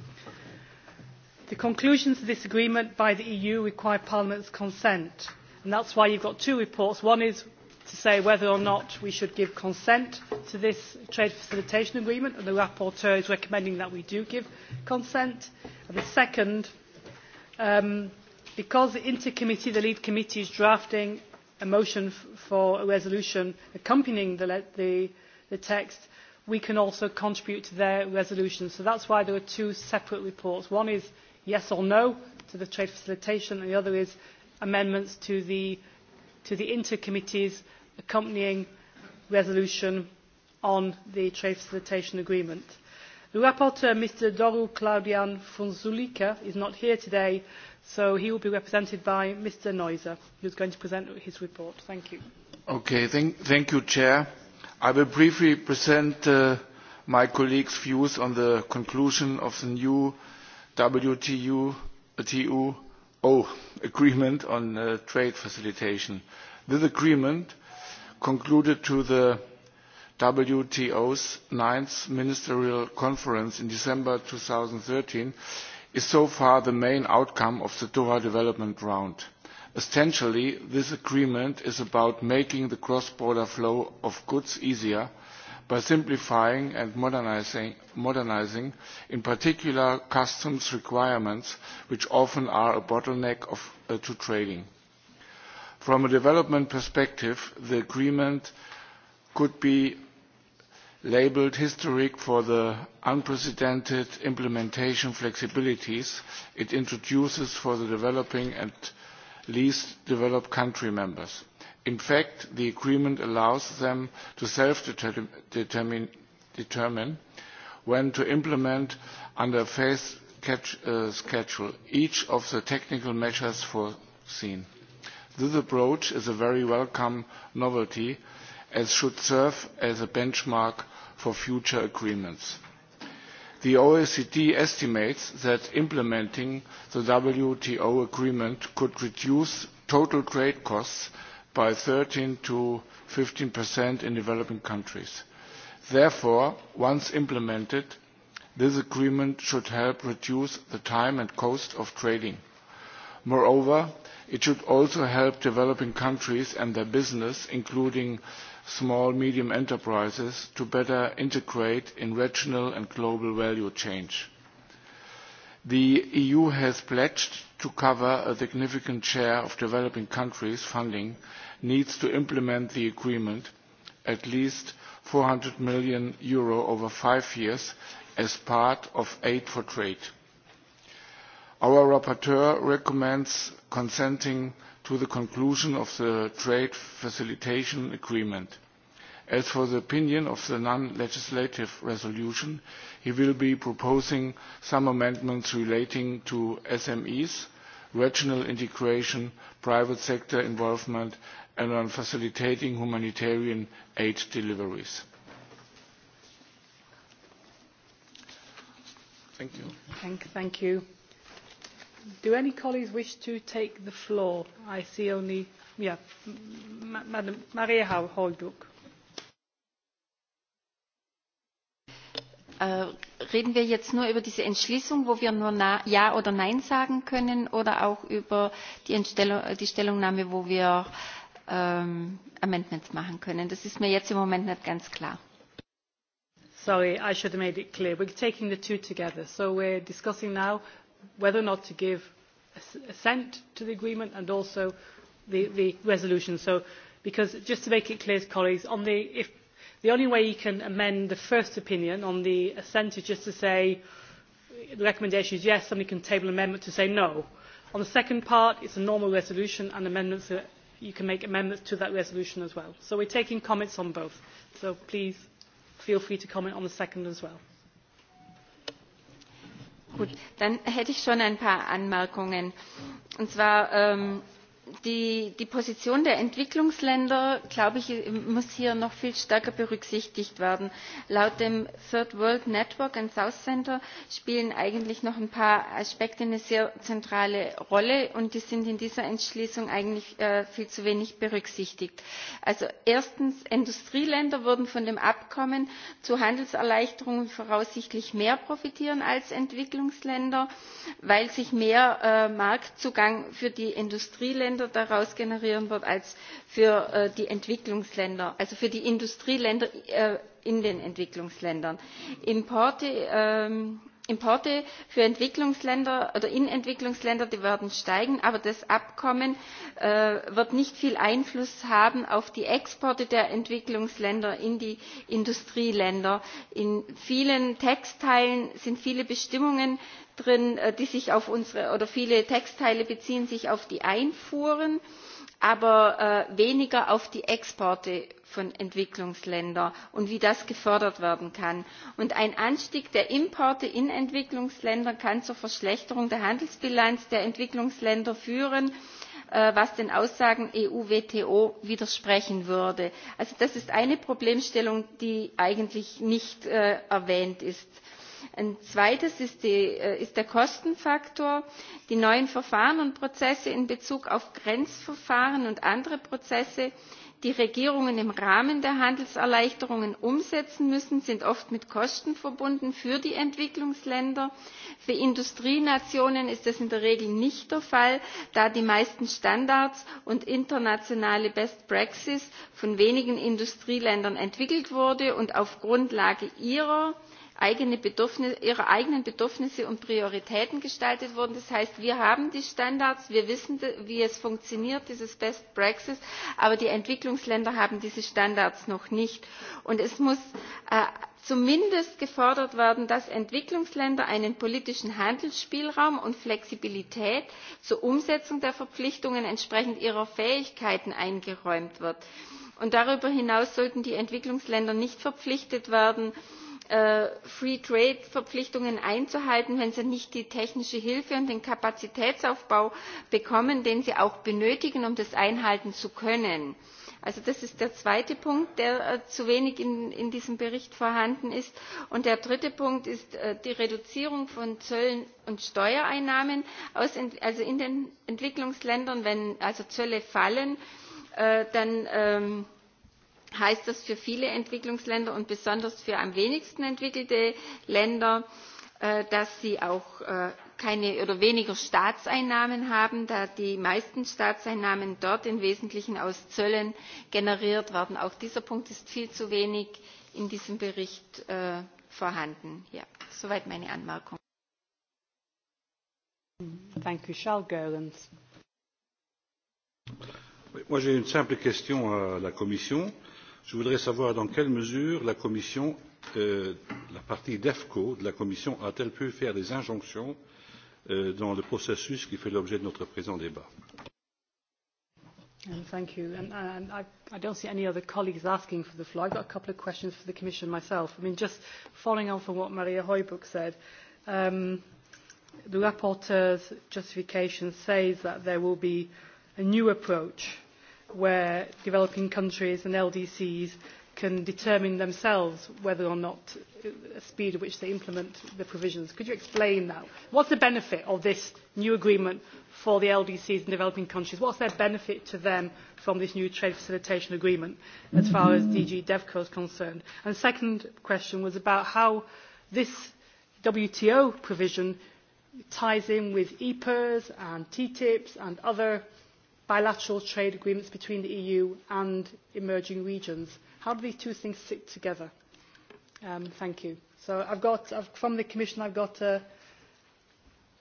The conclusions of this agreement by the EU require Parliament's consent. And that's why you've got two reports. One is to say whether or not we should give consent to this trade facilitation agreement and the rapporteur is recommending that we do give consent. the second um, because the inter committee the lead committee is drafting a motion for a resolution accompanying the, the, text we can also contribute to their resolution so that is why there are two separate reports one is yes or no to the trade facilitation and the other is amendments to the, to the inter committee's accompanying resolution on the trade facilitation agreement. The rapporteur, Mr. Doru Claudian Funzulika, is not here today, so he will be represented by Mr. Neuser, who is going to present his report. Thank you. Okay, thank, you, Chair. I will briefly present uh, my colleagues' views on the conclusion of the new WTO TUO agreement on uh, trade facilitation. This agreement concluded to the WTO's ninth ministerial conference in December 2013 is so far the main outcome of the Doha development round. Essentially, this agreement is about making the cross-border flow of goods easier by simplifying and modernizing, in particular, customs requirements, which often are a bottleneck of, uh, to trading. From a development perspective, the agreement could be labelled historic for the unprecedented implementation flexibilities it introduces for the developing and least developed country members. In fact, the agreement allows them to self determine, when to implement under a phased uh, schedule each of the technical measures foreseen. This approach is a very welcome novelty and should serve as a benchmark for future agreements. The OECD estimates that implementing the WTO agreement could reduce total trade costs by 13 to 15% in developing countries. Therefore, once implemented, this agreement should help reduce the time and cost of trading. Moreover, it should also help developing countries and their business, including small and medium enterprises, to better integrate in regional and global value change. The EU has pledged to cover a significant share of developing countries' funding needs to implement the agreement, at least EUR 400 million over five years, as part of Aid for Trade. Our rapporteur recommends consenting to the conclusion of the trade facilitation agreement. As for the opinion of the non-legislative resolution, he will be proposing some amendments relating to SMEs, regional integration, private sector involvement, and on facilitating humanitarian aid deliveries. Thank you. Thank, thank you do any colleagues wish to take the floor? I see only, Maria Holduk. Äh, reden wir jetzt nur über diese Entschließung, wo wir nur Ja oder Nein sagen können, oder auch über die, die Stellungnahme, wo wir ähm, Amendments machen können? Das ist mir jetzt im Moment nicht ganz klar. Sorry, I should have made it clear. We're taking the two together. So we're discussing now whether or not to give assent to the agreement and also the, the resolution. So, because just to make it clear to colleagues, on the, if, the only way you can amend the first opinion on the assent is just to say the recommendation is yes, somebody can table an amendment to say no. On the second part, it's a normal resolution and amendments you can make amendments to that resolution as well. So we're taking comments on both. So please feel free to comment on the second as well. Gut, dann hätte ich schon ein paar Anmerkungen. Und zwar ähm, die, position der entwicklungsländer glaube ich muss hier noch viel stärker berücksichtigt werden. laut dem third world network and south centre spielen eigentlich noch ein paar aspekte eine sehr zentrale rolle und die sind in dieser entschließung eigentlich äh, viel zu wenig berücksichtigt. also erstens industrieländer würden von dem abkommen zu handelserleichterungen voraussichtlich mehr profitieren als entwicklungsländer weil sich mehr äh, marktzugang für die industrieländer länder daraus generieren wird als für äh, die entwicklungsländer also für die industrieländer äh, in den entwicklungsländern importe ähm, Importe für Entwicklungsländer oder in Entwicklungsländer werden steigen, aber das Abkommen äh, wird nicht viel Einfluss haben auf die Exporte der Entwicklungsländer in die Industrieländer. In vielen Textteilen sind viele Bestimmungen drin, äh, die sich auf unsere oder viele Textteile beziehen sich auf die Einfuhren, aber äh, weniger auf die Exporte von Entwicklungsländern und wie das gefördert werden kann. Und ein Anstieg der Importe in Entwicklungsländer kann zur Verschlechterung der Handelsbilanz der Entwicklungsländer führen äh, was den Aussagen EU WTO widersprechen würde. Also das ist eine Problemstellung, die eigentlich nicht äh, erwähnt ist. Ein zweites ist äh, der Kostenfaktor. Die neuen Verfahren und Prozesse in Bezug auf Grenzverfahren und andere Prozesse die regierungen im rahmen der handelserleichterungen umsetzen müssen sind oft mit kosten verbunden für die entwicklungsländer für industrienationen ist das in der regel nicht der fall da die meisten standards und internationale best practice von wenigen industrieländern entwickelt wurden und auf grundlage ihrer eigene ihrer eigenen Bedürfnisse und Prioritäten gestaltet wurden. Das heißt, wir haben die Standards, wir wissen, wie es funktioniert, dieses Best Practice, aber die Entwicklungsländer haben diese Standards noch nicht. Und es muss äh, zumindest gefordert werden dass entwicklungsländer einen politischen handelsspielraum und flexibilität zur umsetzung der verpflichtungen entsprechend ihrer fähigkeiten eingeräumt wird. darüber hinaus sollten die entwicklungsländer nicht verpflichtet werden Äh, free trade verpflichtungen einzuhalten wenn sie nicht die technische hilfe und den kapazitätsaufbau bekommen den sie auch benötigen um das einhalten zu können. Also das ist der zweite punkt der äh, zu wenig in, diesem bericht vorhanden ist. und der dritte punkt ist äh, die reduzierung von zöllen und steuereinnahmen also in den entwicklungsländern wenn also zölle fallen dann ähm, heißt das für viele entwicklungsländer und besonders für am wenigsten entwickelte länder äh, dass sie auch äh, keine oder weniger staatseinnahmen haben da die meisten staatseinnahmen dort im wesentlichen aus zöllen generiert werden. auch dieser punkt ist viel zu wenig in diesem bericht äh, vorhanden. Ja, soweit meine anmerkung. Thank you, Moi, j'ai une simple question à la Commission je voudrais savoir dans quelle mesure la commission euh, la partie defco de la commission a t elle pu faire des injonctions euh, dans le processus qui fait l'objet de notre présent débat? Um, thank you. And, and I, I don't see any other colleagues asking for the floor. I've got a couple of questions for the Commission myself. I mean, just following on from what Maria Hoybuk said, um, the rapporteur's justification says that there will be a new approach where developing countries and LDCs can determine themselves whether or not the speed at which they implement the provisions. Could you explain that? What is the benefit of this new agreement for the LDCs in developing countries? What is their benefit to them from this new trade facilitation agreement as far as DG DevCo is concerned? And the second question was about how this WTO provision ties in with EPAs and TTIPs and other bilateral trade agreements between the eu and emerging regions. how do these two things sit together? Um, thank you. So I've got, from the Commission, I've got, uh,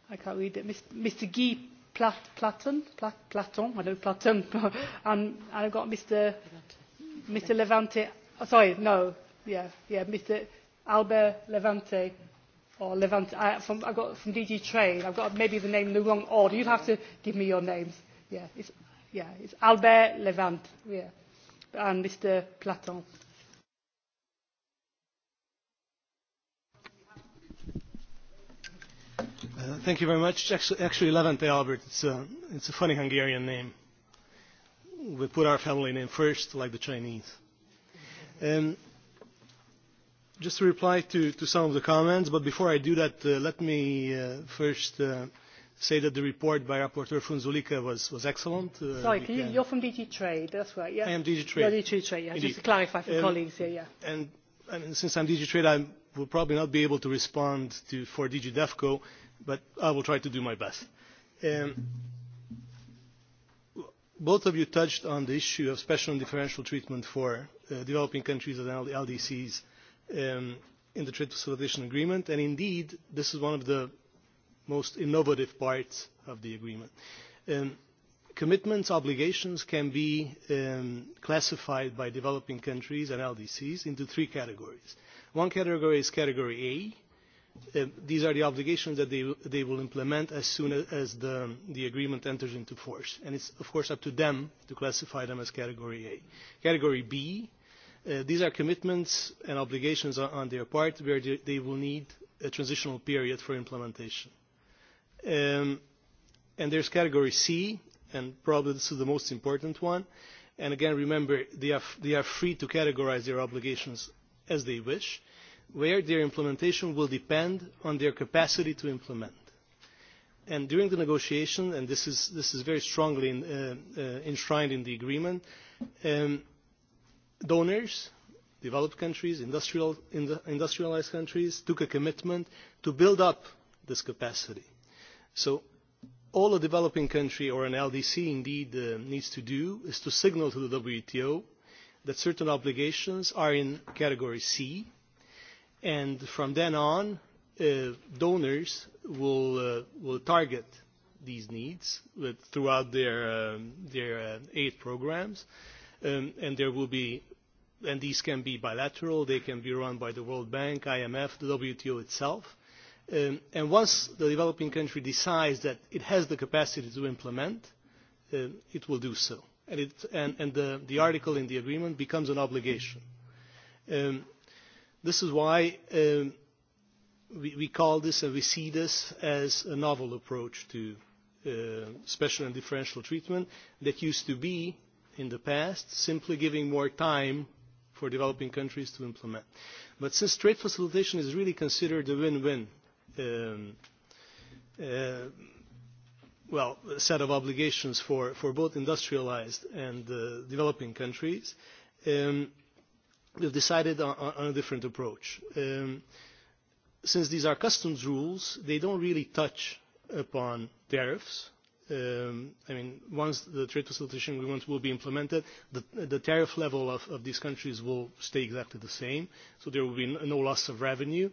I can't read it, Mr. Guy Platon, Platon, I don't Platon, and I've got Mr. Levante. Mr. Oh, Levante, sorry, no, yeah, yeah, Mr. Albert Levante, or Levante, I, from, I've got from DG Trade, I've got maybe the name in the wrong order. You'd have to give me your names yeah, it's, yeah, it's Albert Levant, yeah, and Mr. Platon. Uh, thank you very much. Actually, actually Levante Albert, it's a, uh, it's a funny Hungarian name. We put our family name first, like the Chinese. Um, just to reply to, to some of the comments, but before I do that, uh, let me uh, first uh, say that the report by Rapporteur Funzulika was, was excellent. Uh, Sorry, you can... you're from DG Trade, that's right. Yeah? I am DG Trade. You're DG Trade, yeah. Indeed. Just to clarify for um, colleagues here, yeah. And, and since I'm DG Trade, I will probably not be able to respond to, for DG DEFCO, but I will try to do my best. Um, both of you touched on the issue of special and differential treatment for uh, developing countries and LDCs um, in the Trade Facilitation Agreement, and indeed, this is one of the most innovative parts of the agreement. Um, commitments, obligations can be um, classified by developing countries and LDCs into three categories. One category is category A. Um, these are the obligations that they, will implement as soon as the, agreement enters into force. And it's, of course, up to them to classify them as category A. Category B, uh, these are commitments and obligations on, their part where they will need a transitional period for implementation Um, and there's category C, and probably this is the most important one. And again, remember, they are, they are free to categorize their obligations as they wish, where their implementation will depend on their capacity to implement. And during the negotiation, and this is, this is very strongly uh, uh, enshrined in the agreement, um, donors, developed countries, industrial, industrialized countries, took a commitment to build up this capacity so all a developing country or an ldc indeed uh, needs to do is to signal to the wto that certain obligations are in category c and from then on uh, donors will, uh, will target these needs throughout their, um, their aid programs um, and there will be and these can be bilateral they can be run by the world bank imf the wto itself Um, and once the developing country decides that it has the capacity to implement, um, it will do so. And, the, article in the agreement becomes an obligation. Um, this is why we, call this and we see this as a novel approach to uh, special and differential treatment that used to be, in the past, simply giving more time for developing countries to implement. But since trade facilitation is really considered a win-win um, uh, well, a set of obligations for, for both industrialized and uh, developing countries, um, we've decided on, on a different approach. Um, since these are customs rules, they don't really touch upon tariffs. Um, I mean, once the trade facilitation agreement will be implemented, the, the tariff level of, of these countries will stay exactly the same, so there will be no loss of revenue.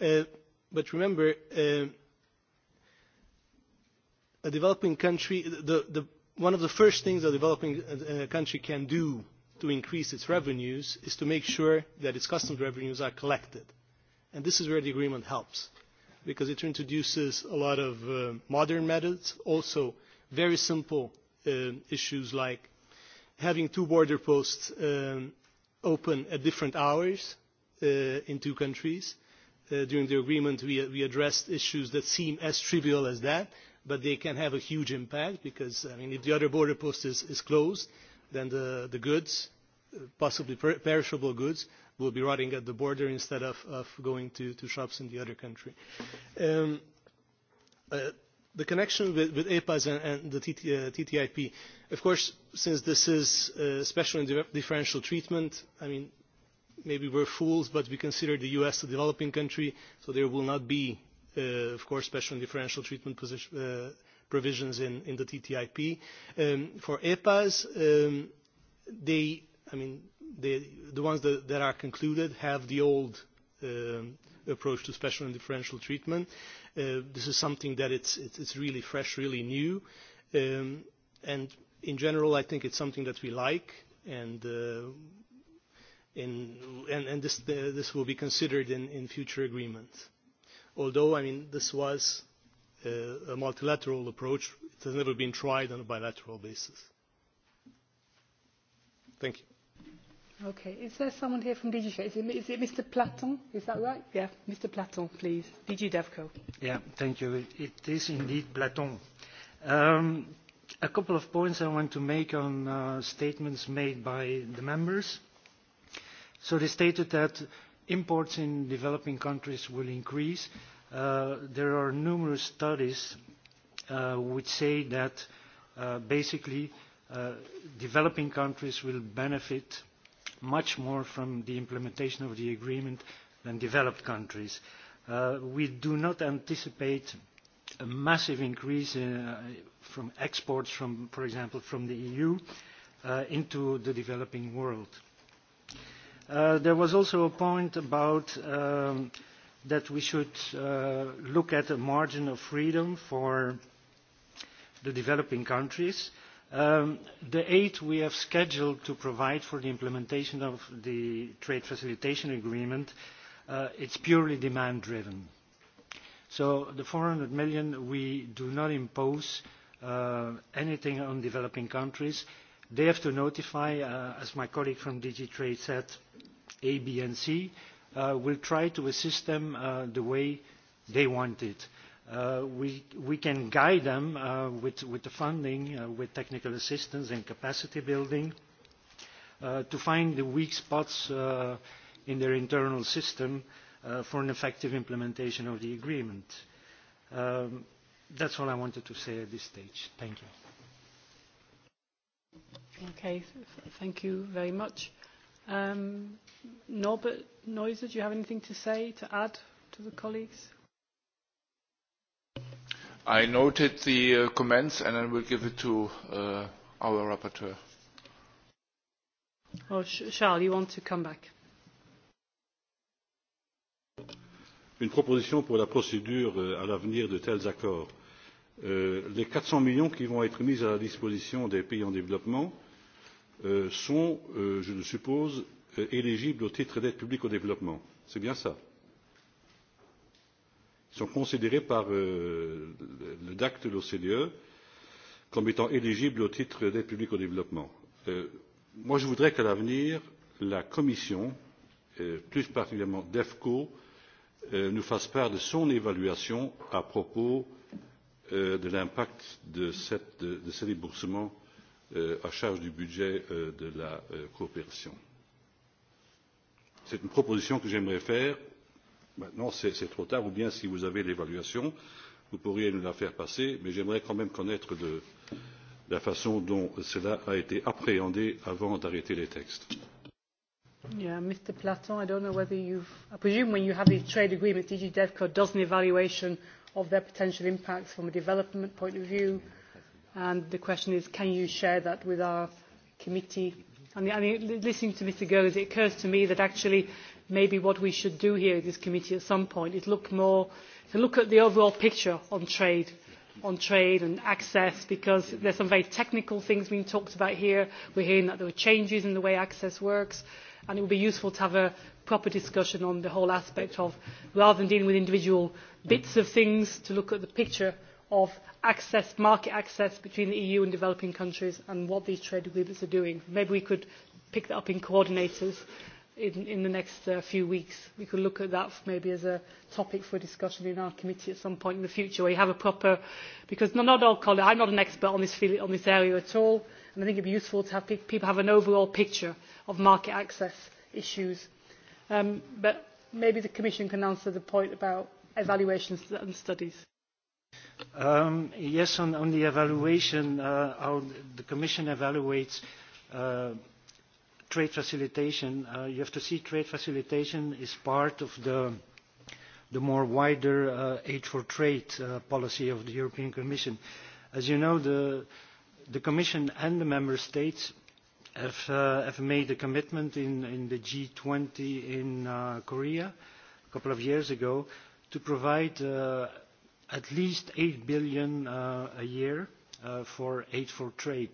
Uh, but remember uh, a developing country the, the, one of the first things a developing uh, uh, country can do to increase its revenues is to make sure that its customs revenues are collected and this is where the agreement helps because it introduces a lot of uh, modern methods also very simple um, issues like having two border posts um, open at different hours uh, in two countries Uh, during the agreement we, we addressed issues that seem as trivial as that but they can have a huge impact because I mean, if the other border post is, closed then the, goods uh, possibly perishable goods will be rotting at the border instead of, going to, to shops in the other country. Um, uh, the connection with, with EPAs and, the TTIP, of course, since this is special and differential treatment, I mean, maybe we're fools, but we consider the U.S. a developing country, so there will not be, uh, of course, special and differential treatment uh, provisions in, the TTIP. Um, for EPAs, um, they, I mean, the ones that, are concluded have the old um, approach to special and differential treatment. Uh, this is something that it's, it's, really fresh, really new. and in general, I think it's something that we like, and in and, and this the, this will be considered in, in future agreements. Although I mean this was uh, a multilateral approach, it has never been tried on a bilateral basis. Thank you. Okay. Is there someone here from DG? Is it, is it Mr. Platon? Is that right? Yeah, Mr. Platon, please. DG DevCo. Yeah, thank you. It is indeed Platon. Um, a couple of points I want to make on uh, statements made by the members. So they stated that imports in developing countries will increase. Uh, there are numerous studies uh, which say that uh, basically developing countries will benefit much more from the implementation of the agreement than developed countries. We do not anticipate a massive increase in, from exports from, for example, from the EU into the developing world. Uh, there was also a point about um, that we should uh, look at a margin of freedom for the developing countries. Um, the aid we have scheduled to provide for the implementation of the trade facilitation agreement uh, is purely demand driven. So the 400 million, we do not impose anything on developing countries. They have to notify, as my colleague from DG Trade said, a, B and C uh, will try to assist them uh, the way they want it. Uh, we, can guide them with, the funding, with technical assistance and capacity building to find the weak spots in their internal system for an effective implementation of the agreement. Um, that's all I wanted to say at this stage. Thank you. thank you very much. Um, Norbert Neuser, do you have anything to say, to add to the colleagues? I noted the uh, comments and I will give it to uh, our rapporteur. Oh, Charles, you want to come back? Une proposition pour la procédure euh, à l'avenir de tels accords. Euh, les 400 millions qui vont être mis à la disposition des pays en développement Euh, sont euh, je le suppose euh, éligibles au titre d'aide publique au développement c'est bien cela? ils sont considérés par le dac de l'ocde comme étant éligibles au titre d'aide publique au développement. Moi, je voudrais qu'à l'avenir la commission plus particulièrement devco nous fasse part de son évaluation à propos de l'impact de, ces déboursements. Euh, à charge du budget euh, de la euh, coopération. c'est une proposition que j'aimerais faire maintenant c'est trop tard ou bien si vous avez l'évaluation vous pourriez nous la faire passer mais j'aimerais quand même connaître le, la façon dont cela a été appréhendé avant d'arrêter les textes. Yeah, Mr. Platon, I don't know whether you've, I presume when you have these trade agreements, DG DevCo does an evaluation of their potential impacts from a development point of view, And the question is, can you share that with our committee? And I mean, listening to Mr. Goes, it occurs to me that actually maybe what we should do here in this committee at some point is look more, to look at the overall picture on trade on trade and access because there are some very technical things being talked about here. We are hearing that there were changes in the way access works and it would be useful to have a proper discussion on the whole aspect of rather than dealing with individual bits of things to look at the picture of access, market access between the EU and developing countries and what these trade agreements are doing. Maybe we could pick that up in coordinators in, the next uh, few weeks. We could look at that maybe as a topic for discussion in our committee at some point in the future where you have a proper, because not, all colleagues, am not an expert on this, field, on this area at all, and I think it would be useful to have people have an overall picture of market access issues. Um, but maybe the Commission can answer the point about evaluations and studies. Um, yes, on, on the evaluation, uh, how the Commission evaluates uh, trade facilitation. Uh, you have to see trade facilitation is part of the, the more wider uh, aid for trade uh, policy of the European Commission. As you know, the, the Commission and the Member States have, uh, have made a commitment in, in the G20 in uh, Korea a couple of years ago to provide uh, at least 8 billion uh, a year uh, for aid for trade.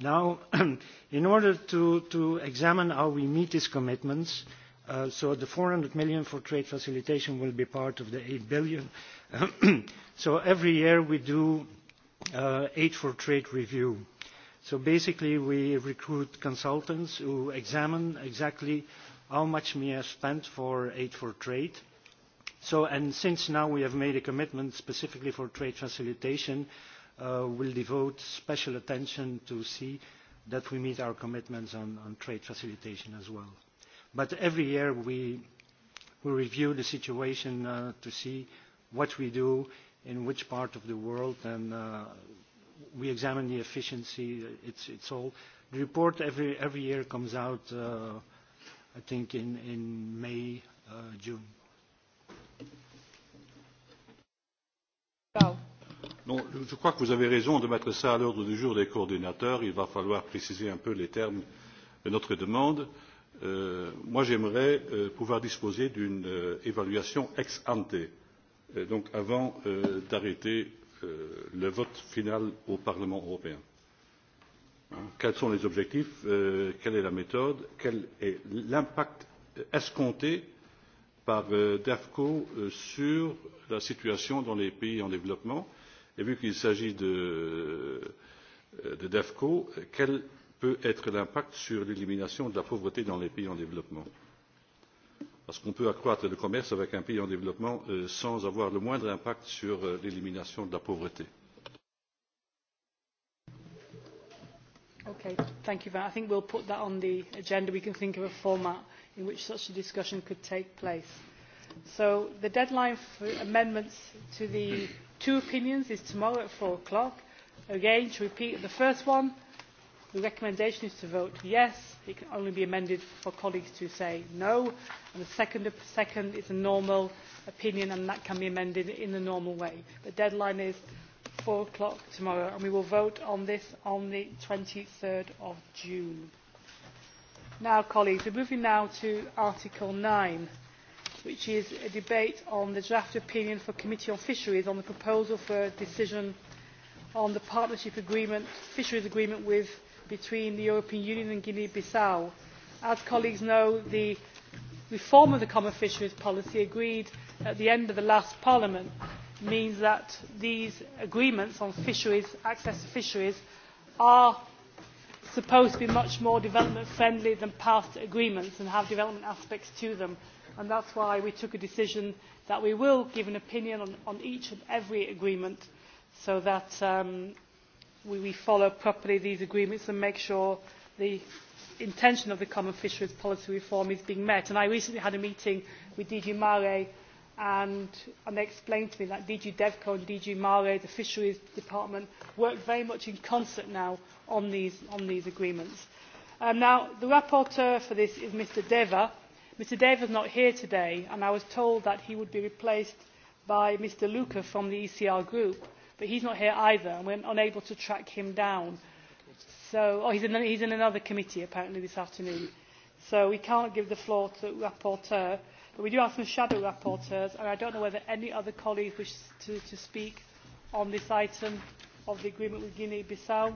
Now, in order to, examine how we meet these commitments, uh, so the 400 million for trade facilitation will be part of the 8 billion. so every year we do aid for trade review. So basically we recruit consultants who examine exactly how much we have spent for aid for trade So, and since now we have made a commitment specifically for trade facilitation, uh, we will devote special attention to see that we meet our commitments on, trade facilitation as well. But every year we, we review the situation uh, to see what we do in which part of the world and uh, we examine the efficiency. It's, it's all. The report every, every year comes out, uh, I think, in, in May, uh, June. je crois que vous avez raison de mettre cela à l'ordre du jour des coordinateurs. Il va falloir préciser un peu les termes de notre demande. Euh, moi, j'aimerais euh, pouvoir disposer d'une euh, évaluation ex ante, donc avant d'arrêter le vote final au Parlement européen. Quels sont les objectifs Quelle est la méthode Quel est l'impact escompté par euh, DEFCO euh, sur la situation dans les pays en développement et vu qu'il s'agit de, euh, de quel peut être l'impact sur l'élimination de la pauvreté dans les pays en développement? Parce qu'on peut accroître le commerce avec un pays en développement sans avoir le moindre impact sur l'élimination de la pauvreté. Okay, thank you. I think we'll put that on the agenda. We can think of a format in which such a discussion could take place. So the deadline for amendments to the two opinions is tomorrow at four o'clock. Again, to repeat the first one, the recommendation is to vote yes. It can only be amended for colleagues to say no. And the second, second is a normal opinion and that can be amended in the normal way. The deadline is four o'clock tomorrow and we will vote on this on the 23rd of June. Now, colleagues, are moving now to Article nine, which is a debate on the draft opinion for Committee on Fisheries on the proposal for a decision on the partnership agreement, fisheries agreement with, between the European Union and Guinea-Bissau. As colleagues know, the reform of the common fisheries policy agreed at the end of the last parliament means that these agreements on fisheries, access to fisheries are supposed to be much more development friendly than past agreements and have development aspects to them and that is why we took a decision that we will give an opinion on, each and every agreement so that um, we, we follow properly these agreements and make sure the intention of the common fisheries policy reform is being met. And i recently had a meeting with dg mare and, they explained to me that dg devco and dg mare the fisheries department work very much in concert now on these, agreements. Um, the rapporteur for this is mr deva. mr deva is not here today and i was told that he would be replaced by mr louca from the ecr group but he is not here either and we are unable to track him down. Oh, he is in another committee apparently this afternoon so we cannot give the floor to the rapporteur but we do have some shadow rapporteurs and i do not know whether any other colleagues wish to, to speak on this item of the agreement with guinea bissau.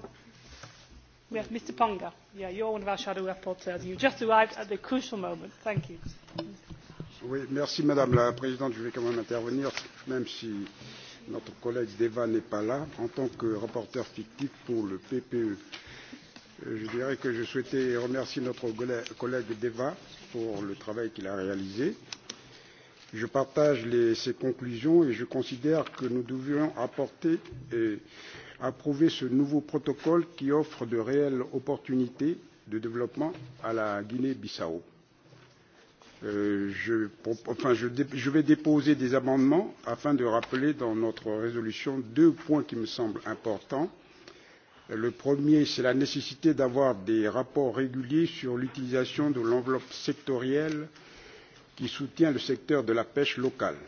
we have mr ponga. Yeah, you are one of our shadow rapporteurs you just arrived at the crucial moment. thank you. Oui, merci madame la présidente je vais quand même intervenir même si notre collègue deva n'est pas là en tant que rapporteur fictif pour le ppe. je dirais que je souhaitais remercier notre collègue deva pour le travail qu'il a réalisé. Je partage les, ses conclusions et je considère que nous devions apporter et approuver ce nouveau protocole qui offre de réelles opportunités de développement à la Guinée-Bissau. Euh, je, enfin, je, je vais déposer des amendements afin de rappeler dans notre résolution deux points qui me semblent importants Le premier, c'est la nécessité d'avoir des rapports réguliers sur l'utilisation de l'enveloppe sectorielle qui soutient le secteur de la pêche locale.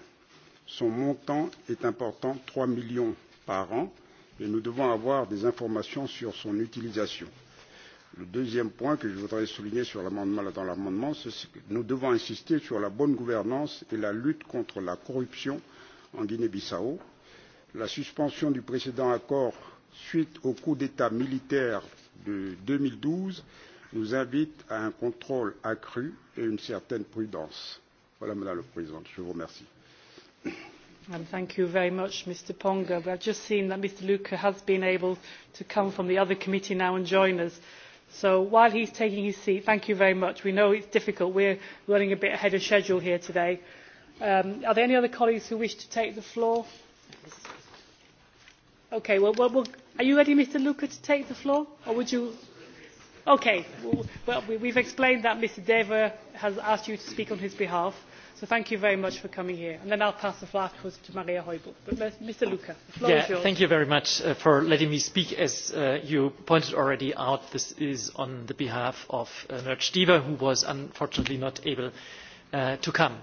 Son montant est important, 3 millions par an, et nous devons avoir des informations sur son utilisation. Le deuxième point que je voudrais souligner sur dans l'amendement, c'est que nous devons insister sur la bonne gouvernance et la lutte contre la corruption en Guinée-Bissau. La suspension du précédent accord suite au coup d'état militaire de 2012 nous invite à un contrôle accru et une certaine prudence. Voilà, Madame la Présidente, je vous remercie. thank you very much, Mr. Ponga. We have just seen that Mr. Luca has been able to come from the other committee now and join us. So while he's taking his seat, thank you very much. We know it's difficult. We're running a bit ahead of schedule here today. Um, are there any other colleagues who wish to take the floor? Okay, well, well, well, are you ready, Mr. Luca, to take the floor, or would you? Okay, well, we, we've explained that Mr. Deva has asked you to speak on his behalf, so thank you very much for coming here. And then will pass the floor afterwards to Maria Heubuch. But Mr. Luca, the floor is yours. Thank you very much uh, for letting me speak. As uh, you pointed already out, this is on the behalf of uh, Nerd who was unfortunately not able uh, to come.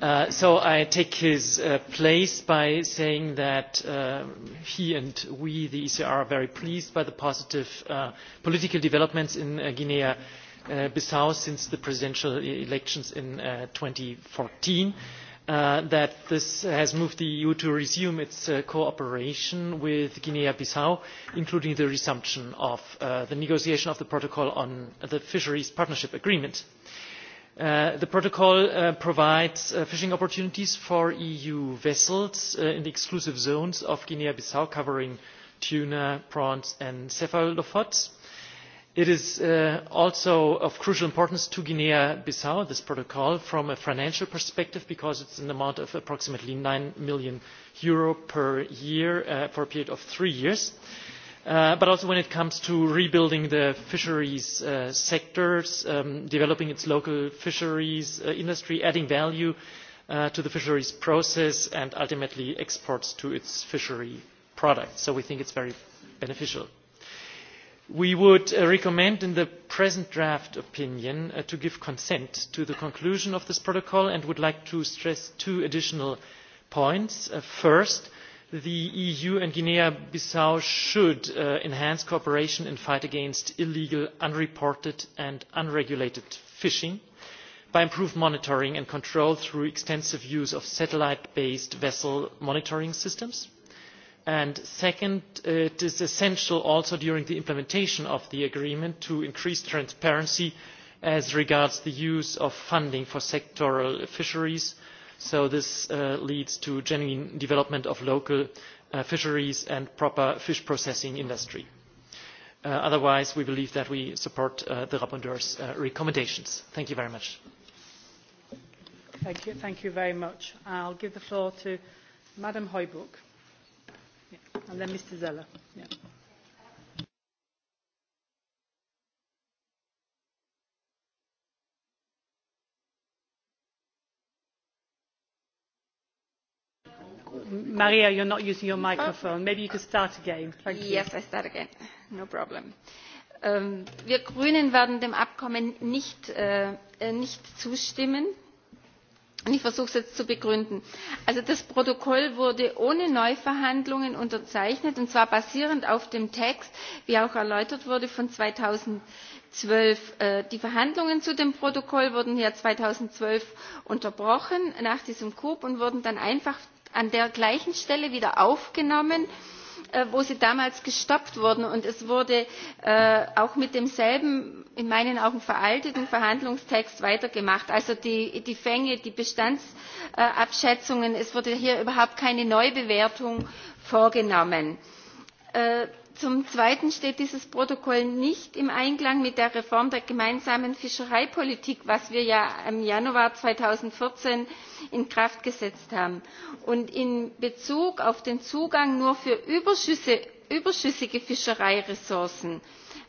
Uh, so I take his uh, place by saying that um, he and we, the ECR, are very pleased by the positive uh, political developments in Guinea-Bissau since the presidential e-, elections in 2014, that this has moved the EU to resume its cooperation with Guinea-Bissau, including the resumption of the negotiation of the protocol on the fisheries partnership agreement. Uh, the protocol uh, provides uh, fishing opportunities for eu vessels in the exclusive zones of guinea bissau covering tuna prawns and cephalopods. it is also of crucial importance to guinea bissau this protocol from a financial perspective because it is an amount of approximately eur nine million per year for a period of three years. Uh, but also when it comes to rebuilding the fisheries uh, sectors, um, developing its local fisheries uh, industry, adding value to the fisheries process and ultimately exports to its fishery products. So we think it is very beneficial. We would recommend in the present draft opinion to give consent to the conclusion of this protocol and would like to stress two additional points. First, the eu and guinea bissau should uh, enhance cooperation in the fight against illegal unreported and unregulated fishing by improved monitoring and control through extensive use of satellite based vessel monitoring systems and second it is essential also during the implementation of the agreement to increase transparency as regards the use of funding for sectoral fisheries so this uh, leads to genuine development of local uh, fisheries and proper fish processing industry. Uh, otherwise we believe that we support the rapporteur's recommendations. thank you very much. Thank you, thank you very much. I'll give the floor to Madam Heubuch and then Mr. Zeller. maria you not using your microphone maybe you could start again. Ähm, wir grünen werden dem abkommen nicht, äh, nicht zustimmen und ich versuche es jetzt zu begründen. also das protokoll wurde ohne neuverhandlungen unterzeichnet und zwar basierend auf dem text wie auch erläutert wurde von. zweitausendzwölf äh, die verhandlungen zu dem protokoll wurden ja zweitausendzwölf unterbrochen nach diesem coup und wurden dann einfach an der gleichen stelle wieder aufgenommen äh, wo sie damals gestoppt wurden und es wurde äh, auch mit demselben in meinen augen veralteten verhandlungstext weitergemacht also die, fänge die bestandsabschätzungen es wurde hier überhaupt keine neubewertung vorgenommen. Äh, zum zweiten steht dieses protokoll nicht im einklang mit der reform der gemeinsamen fischereipolitik was wir ja im januar zweitausendvierzehn in kraft gesetzt haben. und in bezug auf den zugang nur für überschüssige fischereiressourcen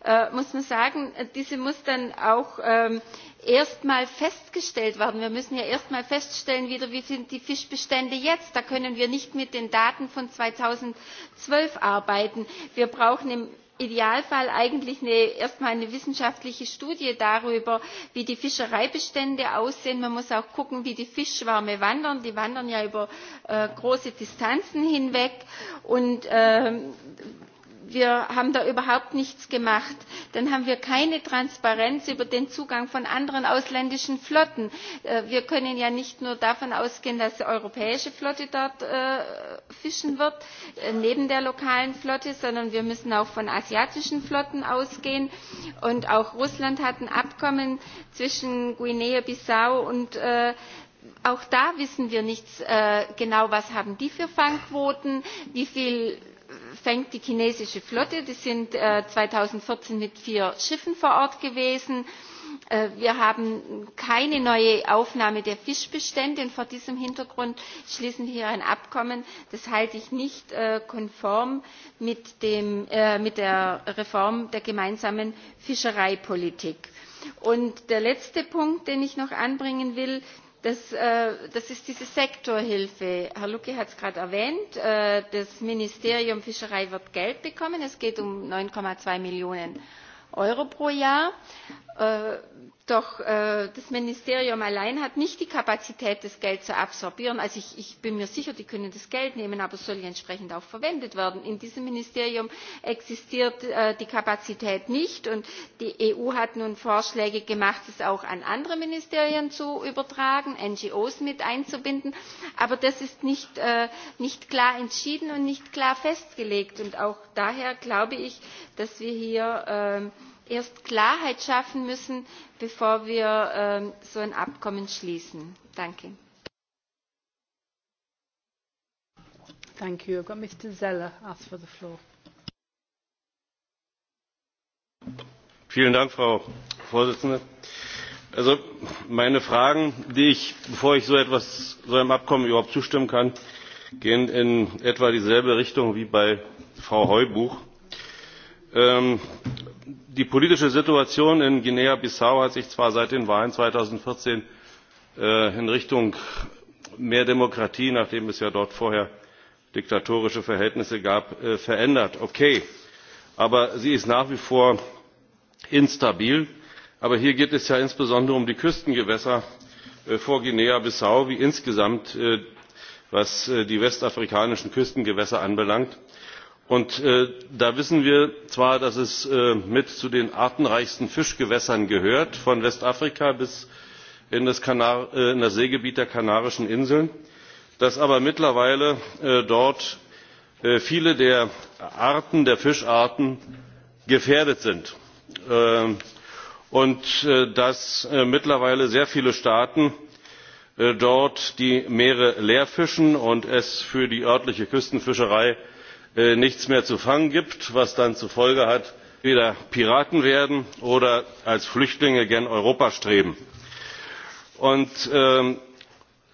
Äh, muss man sagen diese muss dann auch ähm, erst mal festgestellt werden. wir müssen ja erst mal feststellen wie sind die fischbestände jetzt da können wir nicht mit den daten von zweitausendzwölf arbeiten. wir brauchen im idealfall eigentlich erst eine wissenschaftliche studie darüber wie die fischereibestände aussehen. man muss auch gucken wie die fischschwärme wandern die wandern ja über äh, große distanzen hinweg und ähm, wir haben da überhaupt nichts gemacht. dann haben wir keine transparenz über den zugang von anderen ausländischen flotten. Äh, wir können ja nicht nur davon ausgehen dass die europäische flotte dort äh, fischen wird äh, neben der lokalen flotte sondern wir müssen auch von asiatischen flotten ausgehen. und auch russland hat ein abkommen zwischen guinea bissau und auch da wissen wir nichts genau was haben die für fangquoten wie viel fängt die chinesische flotte die sind äh, zweitausendvierzehn mit vier schiffen vor ort gewesen. Äh, wir haben keine neue aufnahme der fischbestände und vor diesem hintergrund schließen wir hier ein abkommen. das halte ich nicht äh, konform mit, dem, mit der reform der gemeinsamen fischereipolitik. Und der letzte punkt den ich noch anbringen will Das, äh, das ist diese Sektorhilfe. Herr Lucke hat es gerade erwähnt. Äh, das Ministerium Fischerei wird Geld bekommen. Es geht um 9,2 Millionen Euro pro Jahr. Äh, doch äh, das ministerium allein hat nicht die kapazität das geld zu absorbieren. also ich, bin mir sicher die können das geld nehmen aber es soll ja entsprechend auch verwendet werden. in diesem ministerium existiert äh, die kapazität nicht und die eu hat nun vorschläge gemacht es auch an andere ministerien zu übertragen ngos mit einzubinden aber das ist nicht, nicht klar entschieden und nicht klar festgelegt und auch daher glaube ich dass wir hier ähm, erst Klarheit schaffen müssen, bevor wir ähm, so ein Abkommen schließen. Danke. Thank you. I've got Mr. Zeller asked for the floor. Vielen Dank, Frau Vorsitzende. Also meine Fragen, die ich, bevor ich so etwas, so einem Abkommen überhaupt zustimmen kann, gehen in etwa dieselbe Richtung wie bei Frau Heubuch. Ähm, die politische situation in guinea bissau hat sich zwar seit den wahlen zweitausendvierzehn äh, in richtung mehr demokratie nachdem es ja dort vorher diktatorische verhältnisse gab äh, verändert okay aber sie ist nach wie vor instabil. aber hier geht es ja insbesondere um die küstengewässer äh, vor guinea bissau wie insgesamt was die westafrikanischen küstengewässer anbelangt und äh, da wissen wir zwar dass es äh, mit zu den artenreichsten fischgewässern gehört von westafrika bis in das, äh, in das seegebiet der kanarischen inseln dass aber mittlerweile dort viele der arten der fischarten gefährdet sind ähm, und dass mittlerweile sehr viele staaten dort die meere leerfischen und es für die örtliche küstenfischerei Äh, nichts mehr zu fangen gibt was dann zur folge hat entweder piraten werden oder als flüchtlinge gen europa streben. Und, ähm,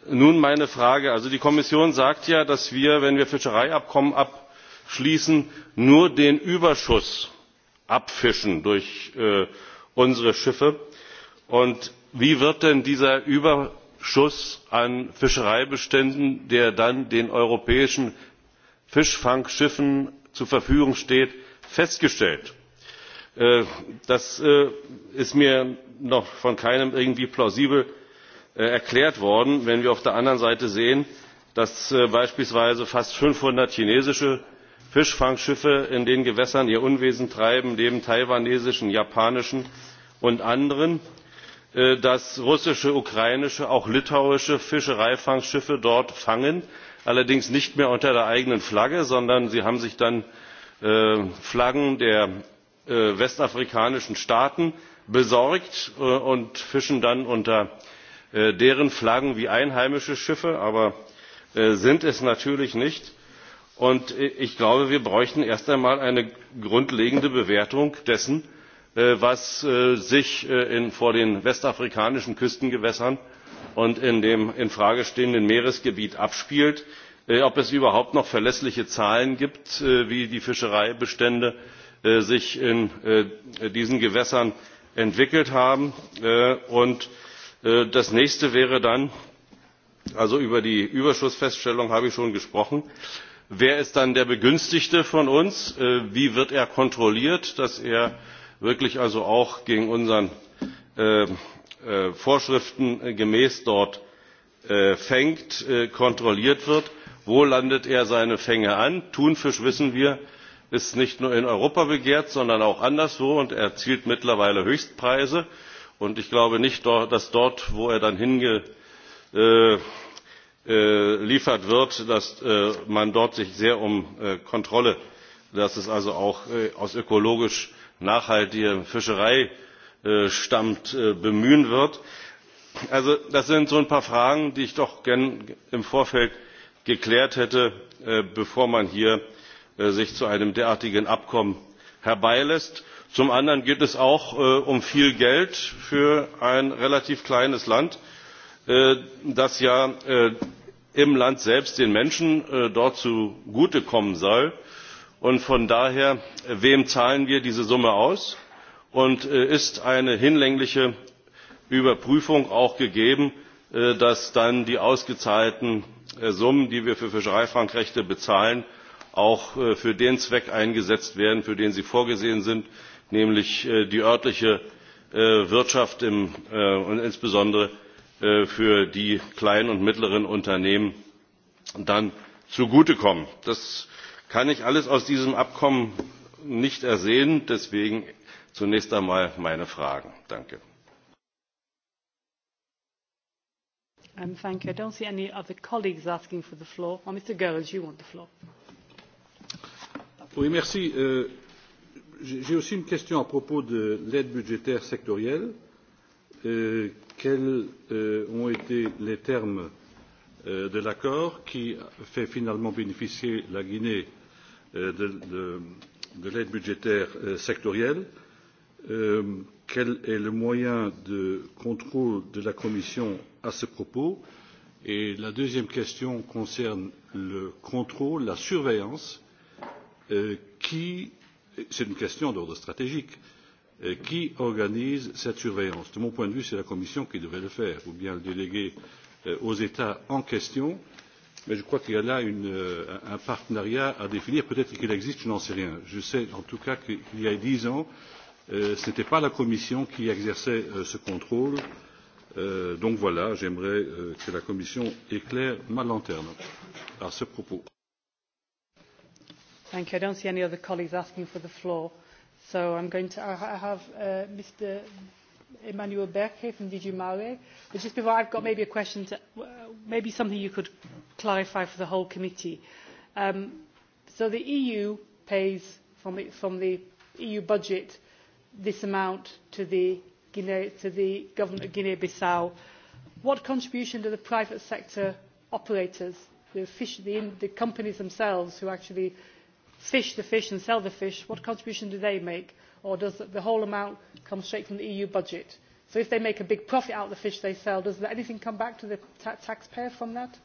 nun meine frage also die kommission sagt ja dass wir wenn wir fischereiabkommen abschließen nur den überschuss abfischen durch äh, unsere schiffe. und wie wird denn dieser überschuss an fischereibeständen der dann den europäischen fischfangschiffen zur verfügung steht festgestellt. Äh, das äh, ist mir noch von keinem irgendwie plausibel äh, erklärt worden wenn wir auf der anderen seite sehen dass beispielsweise fast fünfhundert chinesische fischfangschiffe in den gewässern ihr unwesen treiben neben taiwanesischen japanischen und anderen dass russische ukrainische auch litauische fischereifangschiffe dort fangen allerdings nicht mehr unter der eigenen flagge sondern sie haben sich dann äh, flaggen der äh, westafrikanischen staaten besorgt äh, und fischen dann unter deren flaggen wie einheimische schiffe aber sind es natürlich nicht. Und ich glaube wir bräuchten erst einmal eine grundlegende bewertung dessen was sich vor den westafrikanischen küstengewässern und in dem in frage stehenden meeresgebiet abspielt äh, ob es überhaupt noch verlässliche zahlen gibt äh, wie die fischereibestände äh, sich in diesen gewässern entwickelt haben. und das nächste wäre dann also über die überschussfeststellung habe ich schon gesprochen wer ist dann der begünstigte von uns? wie wird er kontrolliert dass er wirklich also auch gegen unseren Äh, vorschriften gemäß dort äh, fängt äh, kontrolliert wird wo landet er seine fänge an? thunfisch wissen wir ist nicht nur in europa begehrt sondern auch anderswo und er erzielt mittlerweile höchstpreise. ich glaube nicht dass dort wo er dann hingeliefert wird dass man dort sich sehr um kontrolle dass es also auch aus ökologisch nachhaltiger fischerei Äh, stammt äh, bemühen wird. das sind so ein paar fragen die ich doch im vorfeld geklärt hätte äh, bevor man hier zu einem derartigen abkommen herbeilässt. zum anderen geht es auch um viel geld für ein relativ kleines land das ja im land selbst den menschen dort kommen soll. von daher wem zahlen wir diese summe aus? und äh, ist eine hinlängliche überprüfung auch gegeben äh, dass dann die ausgezahlten äh, summen die wir für fischereifangrechte bezahlen auch für den zweck eingesetzt werden für den sie vorgesehen sind nämlich die örtliche wirtschaft und insbesondere für die kleinen und mittleren unternehmen dann zugute kommen. das kann ich alles aus diesem abkommen nicht ersehen deswegen zunächst einmal meine fragen. danke. Um, thank you. I don't see any other colleagues asking for the floor. Oh, Mr. Goerens, you want the floor. Oui, merci. Euh, J'ai aussi une question à propos de l'aide budgétaire sectorielle. Euh, quels euh, ont été les termes euh, de l'accord qui fait finalement bénéficier la Guinée euh, de, de, de l'aide budgétaire euh, sectorielle Euh, quel est le moyen de contrôle de la commission à ce propos et la deuxième question concerne le contrôle la surveillance euh, qui c'est une question d'ordre stratégique euh, qui organise cette surveillance? de mon point de vue c'est la commission qui devrait le faire ou bien le déléguer aux états en question mais je crois qu'il y a là un partenariat à définir peut être qu'il existe je n'en sais rien. je sais en tout cas qu'il y a dix ans Euh, ce n'était pas la commission qui exerçait euh, ce contrôle euh, donc voilà j'aimerais que la commission éclaire ma lanterne à ce propos. Thank you. I don't see any other colleagues asking for the floor. So I'm going to I have uh, Mr. Emmanuel Berke from DG Mare. But just before, I've got maybe a question, to, maybe something you could clarify for the whole committee. Um, so the EU pays from, it, from the EU budget this amount to the, to the government of Guinea Bissau. What contribution do the private sector operators, the, fish, the, companies themselves who actually fish the fish and sell the fish, what contribution do they make? Or does the whole amount come straight from the EU budget? So if they make a big profit out of the fish they sell, does anything come back to the taxpayer from that?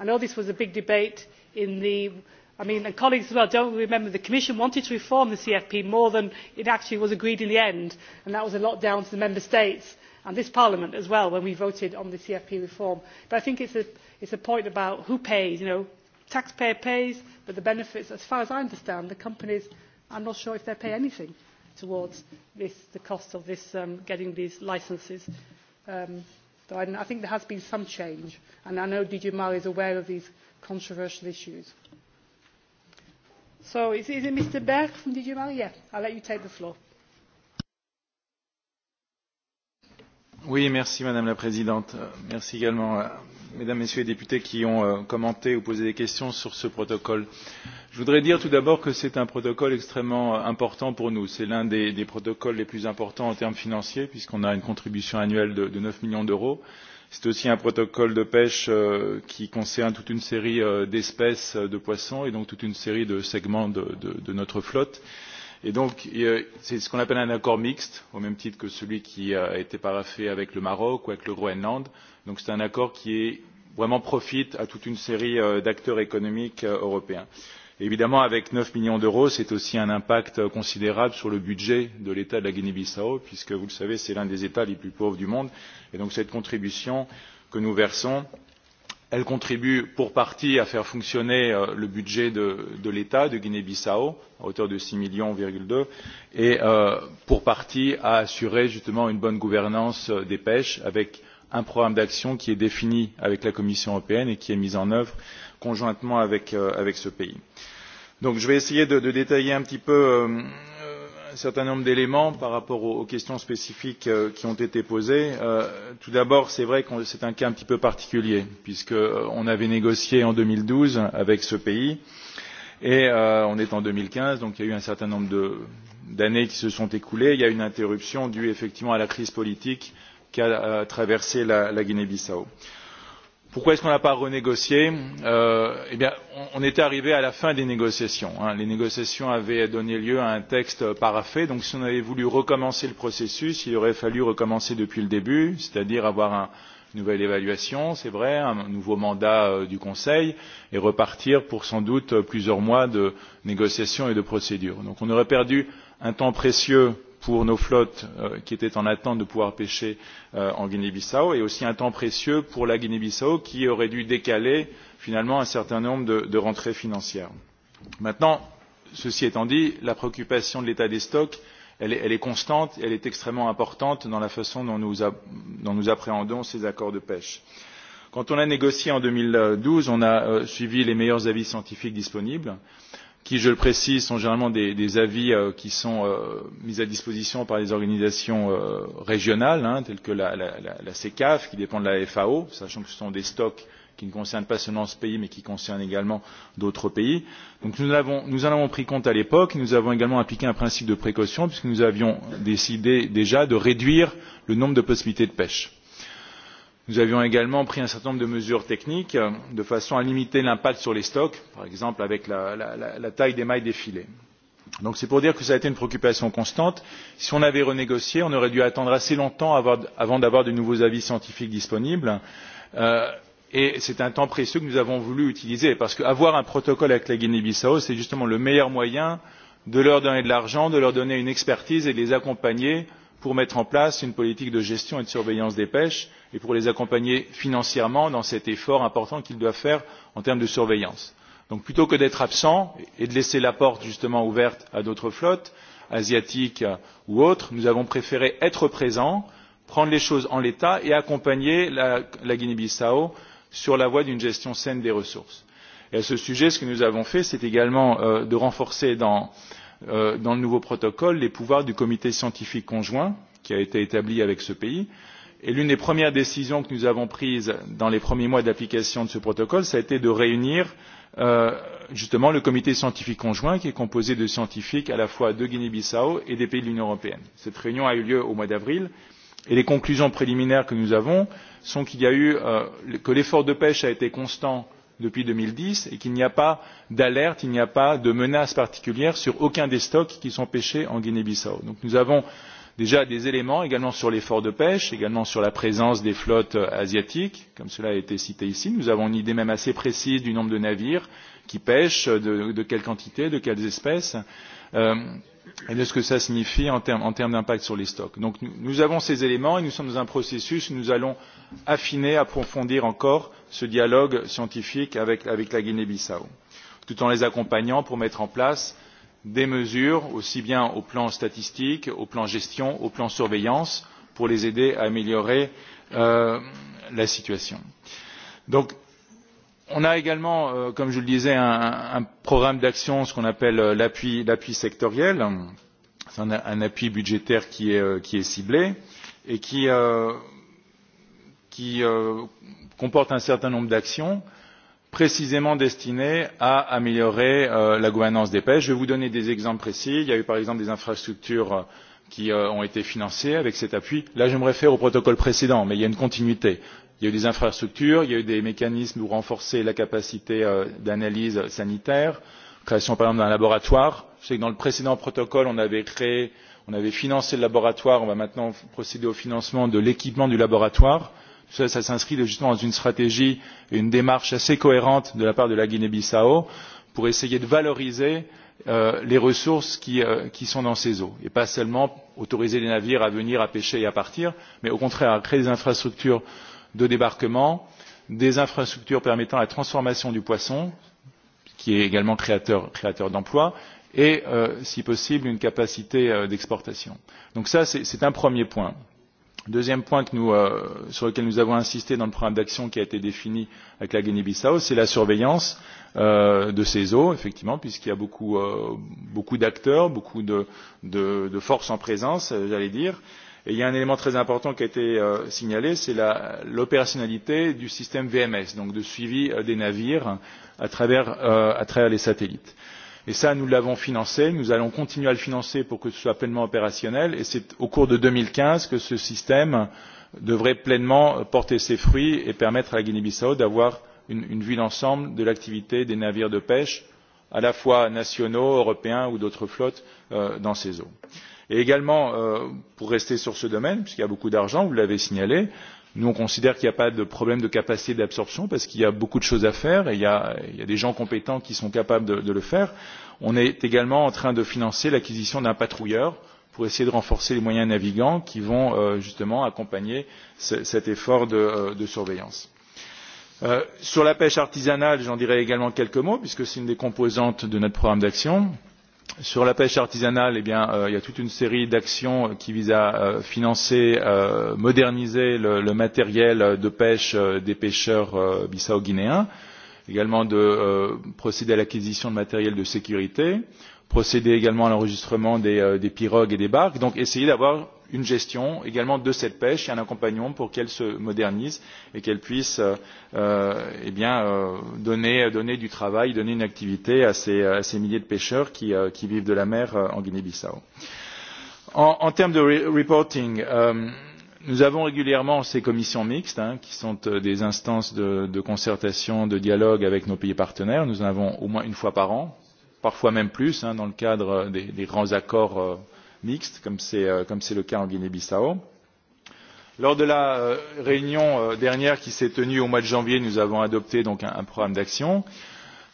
I know this was a big debate in the i mean, colleagues as well do not remember the commission wanted to reform the cfp more than it actually was agreed in the end and that was a lot down to the member states and this parliament as well when we voted on the cfp reform. but i think it is a point about who pays. you know the taxpayer pays but the benefits as far as i understand the companies i am not sure if they pay anything towards this, the cost of this, um, getting these licences. Um, I, I think there has been some change and i know dg mare is aware of these controversial issues is Mr. from let you take the floor. Oui, merci Madame la Présidente. Merci également à euh, Mesdames, Messieurs les députés qui ont euh, commenté ou posé des questions sur ce protocole. Je voudrais dire tout d'abord que c'est un protocole extrêmement euh, important pour nous. C'est l'un des, des protocoles les plus importants en termes financiers puisqu'on a une contribution annuelle de, de 9 millions d'euros c'est aussi un protocole de pêche euh, qui concerne toute une série euh, d'espèces euh, de poissons et donc toute une série de segments de, de, notre flotte et donc c'est ce qu'on appelle un accord mixte au même titre que celui qui a été paraphé avec le maroc ou avec le groenland donc c'est un accord qui est, vraiment profite à toute une série d'acteurs économiques européens évidemment avec neuf millions d'euros c'est aussi un impact considérable sur le budget de l'état de la guinée bissau puisque vous le savez c'est l'un des états les plus pauvres du monde et donc cette contribution que nous versons elle contribue pour partie à faire fonctionner euh, le budget de, l'état de guinée bissau à hauteur de six millions deux et euh, pour partie à assurer justement une bonne gouvernance euh, des pêches avec un programme d'action qui est défini avec la commission européenne et qui est mis en œuvre conjointement avec, euh, avec ce pays. Donc, je vais essayer de, détailler un petit peu euh, euh, un certain nombre d'éléments par rapport aux, questions spécifiques qui ont été posées. Tout d'abord, c'est vrai que c'est un cas un petit peu particulier, puisqu'on avait négocié en 2012 avec ce pays, et on est en 2015, donc il y a eu un certain nombre d'années qui se sont écoulées. Il y a une interruption due effectivement à la crise politique qu'a traversée la, la Guinée-Bissau pourquoi est-ce qu'on n'a pas renégocié euh, eh bien, on, était arrivé à la fin des négociations. Hein. Les négociations avaient donné lieu à un texte paraphé. Donc, si on avait voulu recommencer le processus, il aurait fallu recommencer depuis le début, c'est-à-dire avoir une nouvelle évaluation, c'est vrai, un nouveau mandat euh, du Conseil, et repartir pour sans doute plusieurs mois de négociations et de procédures. Donc, on aurait perdu un temps précieux pour nos flottes euh, qui étaient en attente de pouvoir pêcher euh, en guinée bissau et aussi un temps précieux pour la guinée bissau qui aurait dû décaler finalement un certain nombre de, rentrées financières. maintenant ceci étant dit la préoccupation de l'état des stocks elle est, elle est constante elle est extrêmement importante dans la façon dont nous, nous appréhendons ces accords de pêche. quand on a négocié en deux mille douze on a euh, suivi les meilleurs avis scientifiques disponibles qui je le précise sont généralement des, des avis euh, qui sont euh, mis à disposition par les organisations euh, régionales hein, telles que la, la, la CECAF qui dépend de la FAO sachant que ce sont des stocks qui ne concernent pas seulement ce pays mais qui concernent également d'autres pays. Donc nous, avons, nous en avons pris compte à l'époque, nous avons également appliqué un principe de précaution puisque nous avions décidé déjà de réduire le nombre de possibilités de pêche nous avions également pris un certain nombre de mesures techniques euh, de façon à limiter l'impact sur les stocks par exemple avec la, taille des mailles des filets. c'est pour dire que cela a été une préoccupation constante. si on avait renégocié on aurait dû attendre assez longtemps avant d'avoir de nouveaux avis scientifiques disponibles euh, et c'est un temps précieux que nous avons voulu utiliser parce qu'avoir un protocole avec la guinée bissau c'est justement le meilleur moyen de leur donner de l'argent de leur donner une expertise et de les accompagner pour mettre en place une politique de gestion et de surveillance des pêches et pour les accompagner financièrement dans cet effort important qu'ils doivent faire en termes de surveillance. donc plutôt que d'être absents et de laisser la porte justement ouverte à d'autres flottes asiatiques ou autres nous avons préféré être présents prendre les choses en l'état et accompagner la, guinée bissau sur la voie d'une gestion saine des ressources. à ce sujet ce que nous avons fait c'est également euh, de renforcer dans Euh, dans le nouveau protocole les pouvoirs du comité scientifique conjoint qui a été établi avec ce pays et l'une des premières décisions que nous avons prises dans les premiers mois d'application de ce protocole a été de réunir euh, justement le comité scientifique conjoint qui est composé de scientifiques à la fois de guinée bissau et des pays de l'union européenne. cette réunion a eu lieu au mois d'avril et les conclusions préliminaires que nous avons sont euh, que l'effort de pêche a été constant depuis deux mille dix et qu'il n'y a pas d'alerte il n'y a pas de menace particulière sur aucun des stocks qui sont pêchés en guinée bissau. Donc, nous avons déjà des éléments également sur l'effort de pêche également sur la présence des flottes euh, asiatiques comme cela a été cité ici. nous avons une idée même assez précise du nombre de navires qui pêchent de, de quelle quantité de quelles espèces euh, et de ce que cela signifie en termes d'impact sur les stocks. donc nous, nous avons ces éléments et nous sommes dans un processus où nous allons affiner approfondir encore ce dialogue scientifique avec, la Guinée Bissau, tout en les accompagnant pour mettre en place des mesures, aussi bien au plan statistique, au plan gestion, au plan surveillance, pour les aider à améliorer euh, la situation. Donc on a également, euh, comme je le disais, un, programme d'action, ce qu'on appelle euh, l'appui sectoriel, c'est un, appui budgétaire qui est, ciblé et qui comporte un certain nombre d'actions précisément destinées à améliorer euh, la gouvernance des pêches. je vais vous donner des exemples précis il y a eu par exemple des infrastructures qui euh, ont été financées avec cet appui. là je me réfère au protocole précédent mais il y a une continuité il y a eu des infrastructures il y a eu des mécanismes pour renforcer la capacité euh, d'analyse sanitaire création par exemple d'un laboratoire je sais que dans le précédent protocole on avait créé on avait financé le laboratoire on va maintenant procéder au financement de l'équipement du laboratoire. Cela s'inscrit justement dans une stratégie et une démarche assez cohérente de la part de la guinée bissau pour essayer de valoriser euh, les ressources euh, qui, sont dans ces eaux et pas seulement autoriser les navires à venir à pêcher et à partir mais au contraire à créer des infrastructures de débarquement des infrastructures permettant la transformation du poisson qui est également créateur, créateur d'emplois et euh, si possible une capacité d'exportation. donc ça c'est un premier point deuxième point euh, sur lequel nous avons insisté dans le programme d'action qui a été défini avec la guinée bissau c'est la surveillance euh, de ces eaux effectivement puisqu'il y a beaucoup, euh, d'acteurs beaucoup de, forces en présence j'allais dire et il y a un élément très important qui a été signalé c'est l'opérationnalité du système vms donc de suivi des navires à travers les satellites et ça nous l'avons financé nous allons continuer à le financer pour que ce soit pleinement opérationnel et c'est au cours de deux mille quinze que ce système devrait pleinement porter ses fruits et permettre à la guinée bissau d'avoir une, vue d'ensemble de l'activité des navires de pêche à la fois nationaux européens ou d'autres flottes euh, dans ces eaux. et également euh, pour rester sur ce domaine puisqu'il y a beaucoup d'argent vous l'avez signalé Nous, on considère qu'il n'y a pas de problème de capacité d'absorption parce qu'il y a beaucoup de choses à faire et il y a, il y a des gens compétents qui sont capables de, de le faire. On est également en train de financer l'acquisition d'un patrouilleur pour essayer de renforcer les moyens navigants qui vont euh, justement accompagner cet effort de, euh, de surveillance. Euh, sur la pêche artisanale, j'en dirai également quelques mots puisque c'est une des composantes de notre programme d'action sur la pêche artisanale eh bien, euh, il y a toute une série d'actions euh, qui visent à euh, financer euh, moderniser le, matériel de pêche des pêcheurs bissao guinéens également de procéder à l'acquisition de matériel de sécurité procéder également à l'enregistrement des, euh, des pirogues et des barques donc essayer d'avoir une gestion également de cette pêche et un accompagnement pour qu'elle se modernise et qu'elle puisse euh, euh, eh bien, euh, donner, donner du travail, donner une activité à ces, à ces milliers de pêcheurs qui, euh, qui vivent de la mer euh, en Guinée-Bissau. En, en termes de re reporting, nous avons régulièrement ces commissions mixtes hein, qui sont des instances de, de concertation, de dialogue avec nos pays partenaires. Nous en avons au moins une fois par an parfois même plus hein, dans le cadre des, grands accords euh, mixtes euh, comme c'est le cas en guinée bissau. lors de la euh, réunion dernière qui s'est tenue au mois de janvier nous avons adopté donc un, programme d'action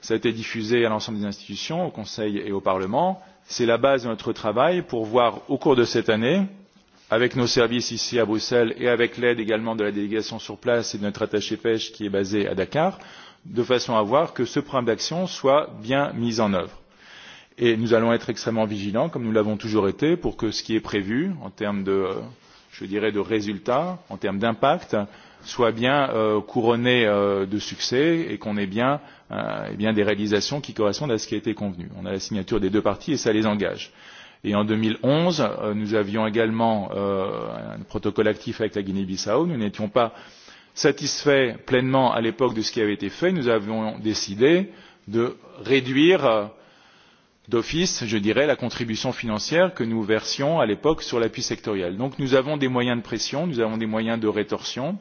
cela a été diffusé à l'ensemble des institutions au conseil et au parlement. c'est la base de notre travail pour voir au cours de cette année avec nos services ici à bruxelles et avec l'aide également de la délégation sur place et de notre attaché pêche qui est basé à dakar de façon à voir que ce programme d'action soit bien mis en œuvre. Et nous allons être extrêmement vigilants, comme nous l'avons toujours été, pour que ce qui est prévu en termes de, euh, je dirais, de résultats, en termes d'impact, soit bien euh, couronné euh, de succès et qu'on ait bien, euh, eh bien des réalisations qui correspondent à ce qui a été convenu. On a la signature des deux parties et ça les engage. Et en 2011, euh, nous avions également euh, un protocole actif avec la Guinée-Bissau. Nous n'étions pas satisfait pleinement à l'époque de ce qui avait été fait nous avions décidé de réduire euh, d'office je dirais la contribution financière que nous versions à l'époque sur l'appui sectoriel. donc nous avons des moyens de pression nous avons des moyens de rétorsion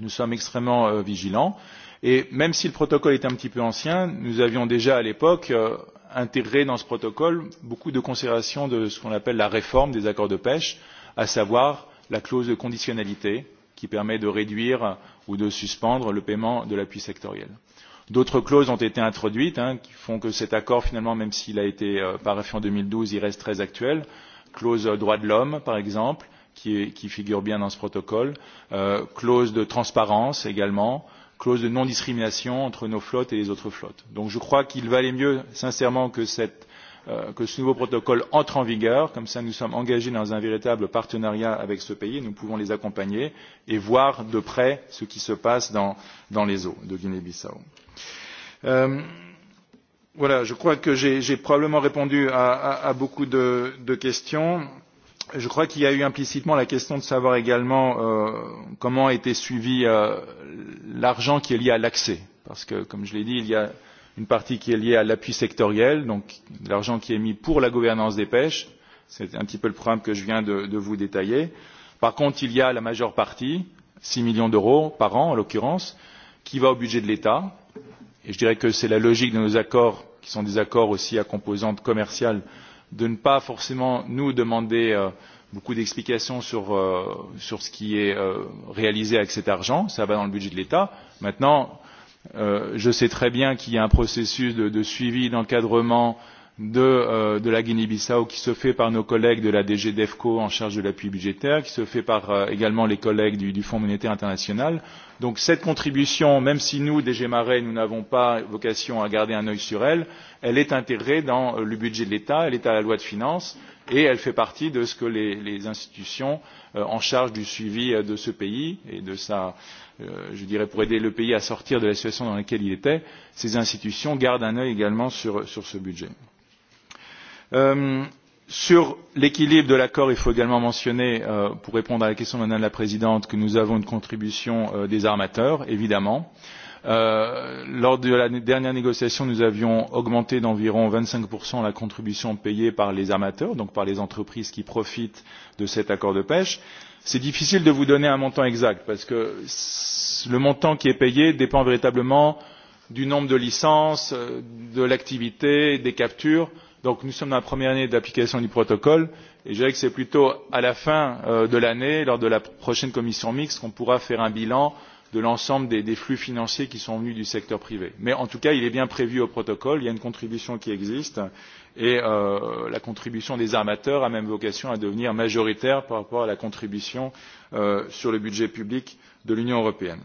nous sommes extrêmement euh, vigilants et même si le protocole est un petit peu ancien nous avions déjà à l'époque euh, intégré dans ce protocole beaucoup de considérations de ce qu'on appelle la réforme des accords de pêche à savoir la clause de conditionnalité qui permet de réduire ou de suspendre le paiement de l'appui sectoriel. D'autres clauses ont été introduites hein, qui font que cet accord, finalement, même s'il a été euh, paraffé en 2012, il reste très actuel. Clause droits de l'homme, par exemple, qui, qui figure bien dans ce protocole. Euh, clause de transparence également. Clause de non-discrimination entre nos flottes et les autres flottes. Donc je crois qu'il valait mieux, sincèrement, que cette Euh, que ce nouveau protocole entre en vigueur comme cela nous sommes engagés dans un véritable partenariat avec ce pays nous pouvons les accompagner et voir de près ce qui se passe dans, dans les eaux de guinée bissau. Euh, voilà je crois que j'ai probablement répondu à, à, beaucoup de, de questions. je crois qu'il y a eu implicitement la question de savoir également euh, comment a été suivi l'argent qui est lié à l'accès parce que comme je l'ai dit il y a une partie qui est liée à l'appui sectoriel donc l'argent qui est mis pour la gouvernance des pêches c'est un petit peu le programme que je viens de, vous détailler. par contre il y a la majeure partie six millions d'euros par an en l'occurrence qui va au budget de l'état et je dirais que c'est la logique de nos accords qui sont des accords aussi à composante commerciale de ne pas forcément nous demander euh, beaucoup d'explications sur, euh, sur ce qui est euh, réalisé avec cet argent ça va dans le budget de l'état. maintenant Euh, je sais très bien qu'il y a un processus de, de suivi d'encadrement de, euh, de la guinée bissau qui se fait par nos collègues de la dg devco en charge de l'appui budgétaire qui se fait par euh, également les collègues du, du fonds monétaire international. donc cette contribution même si nous dg Marais, nous n'avons pas vocation à garder un œil sur elle elle est intégrée dans le budget de l'état elle est à la loi de finances et elle fait partie de ce que les, les institutions en charge du suivi de ce pays et de sa Euh, je dirais pour aider le pays à sortir de la situation dans laquelle il était ces institutions gardent un œil également sur, sur ce budget. Euh, sur l'équilibre de l'accord il faut également mentionner euh, pour répondre à la question de madame la présidente que nous avons une contribution des armateurs évidemment. lors de la dernière négociation nous avions augmenté d'environ vingt cinq la contribution payée par les armateurs donc par les entreprises qui profitent de cet accord de pêche c'est difficile de vous donner un montant exact parce que le montant qui est payé dépend véritablement du nombre de licences euh, de l'activité des captures donc nous sommes dans la première année d'application du protocole et je dirais que c'est plutôt à la fin euh, de l'année lors de la prochaine commission mixte qu'on pourra faire un bilan de l'ensemble des, flux financiers qui sont venus du secteur privé. mais en tout cas il est bien prévu au protocole il y a une contribution qui existe et euh, la contribution des armateurs a même vocation à devenir majoritaire par rapport à la contribution euh, sur le budget public de l'union européenne.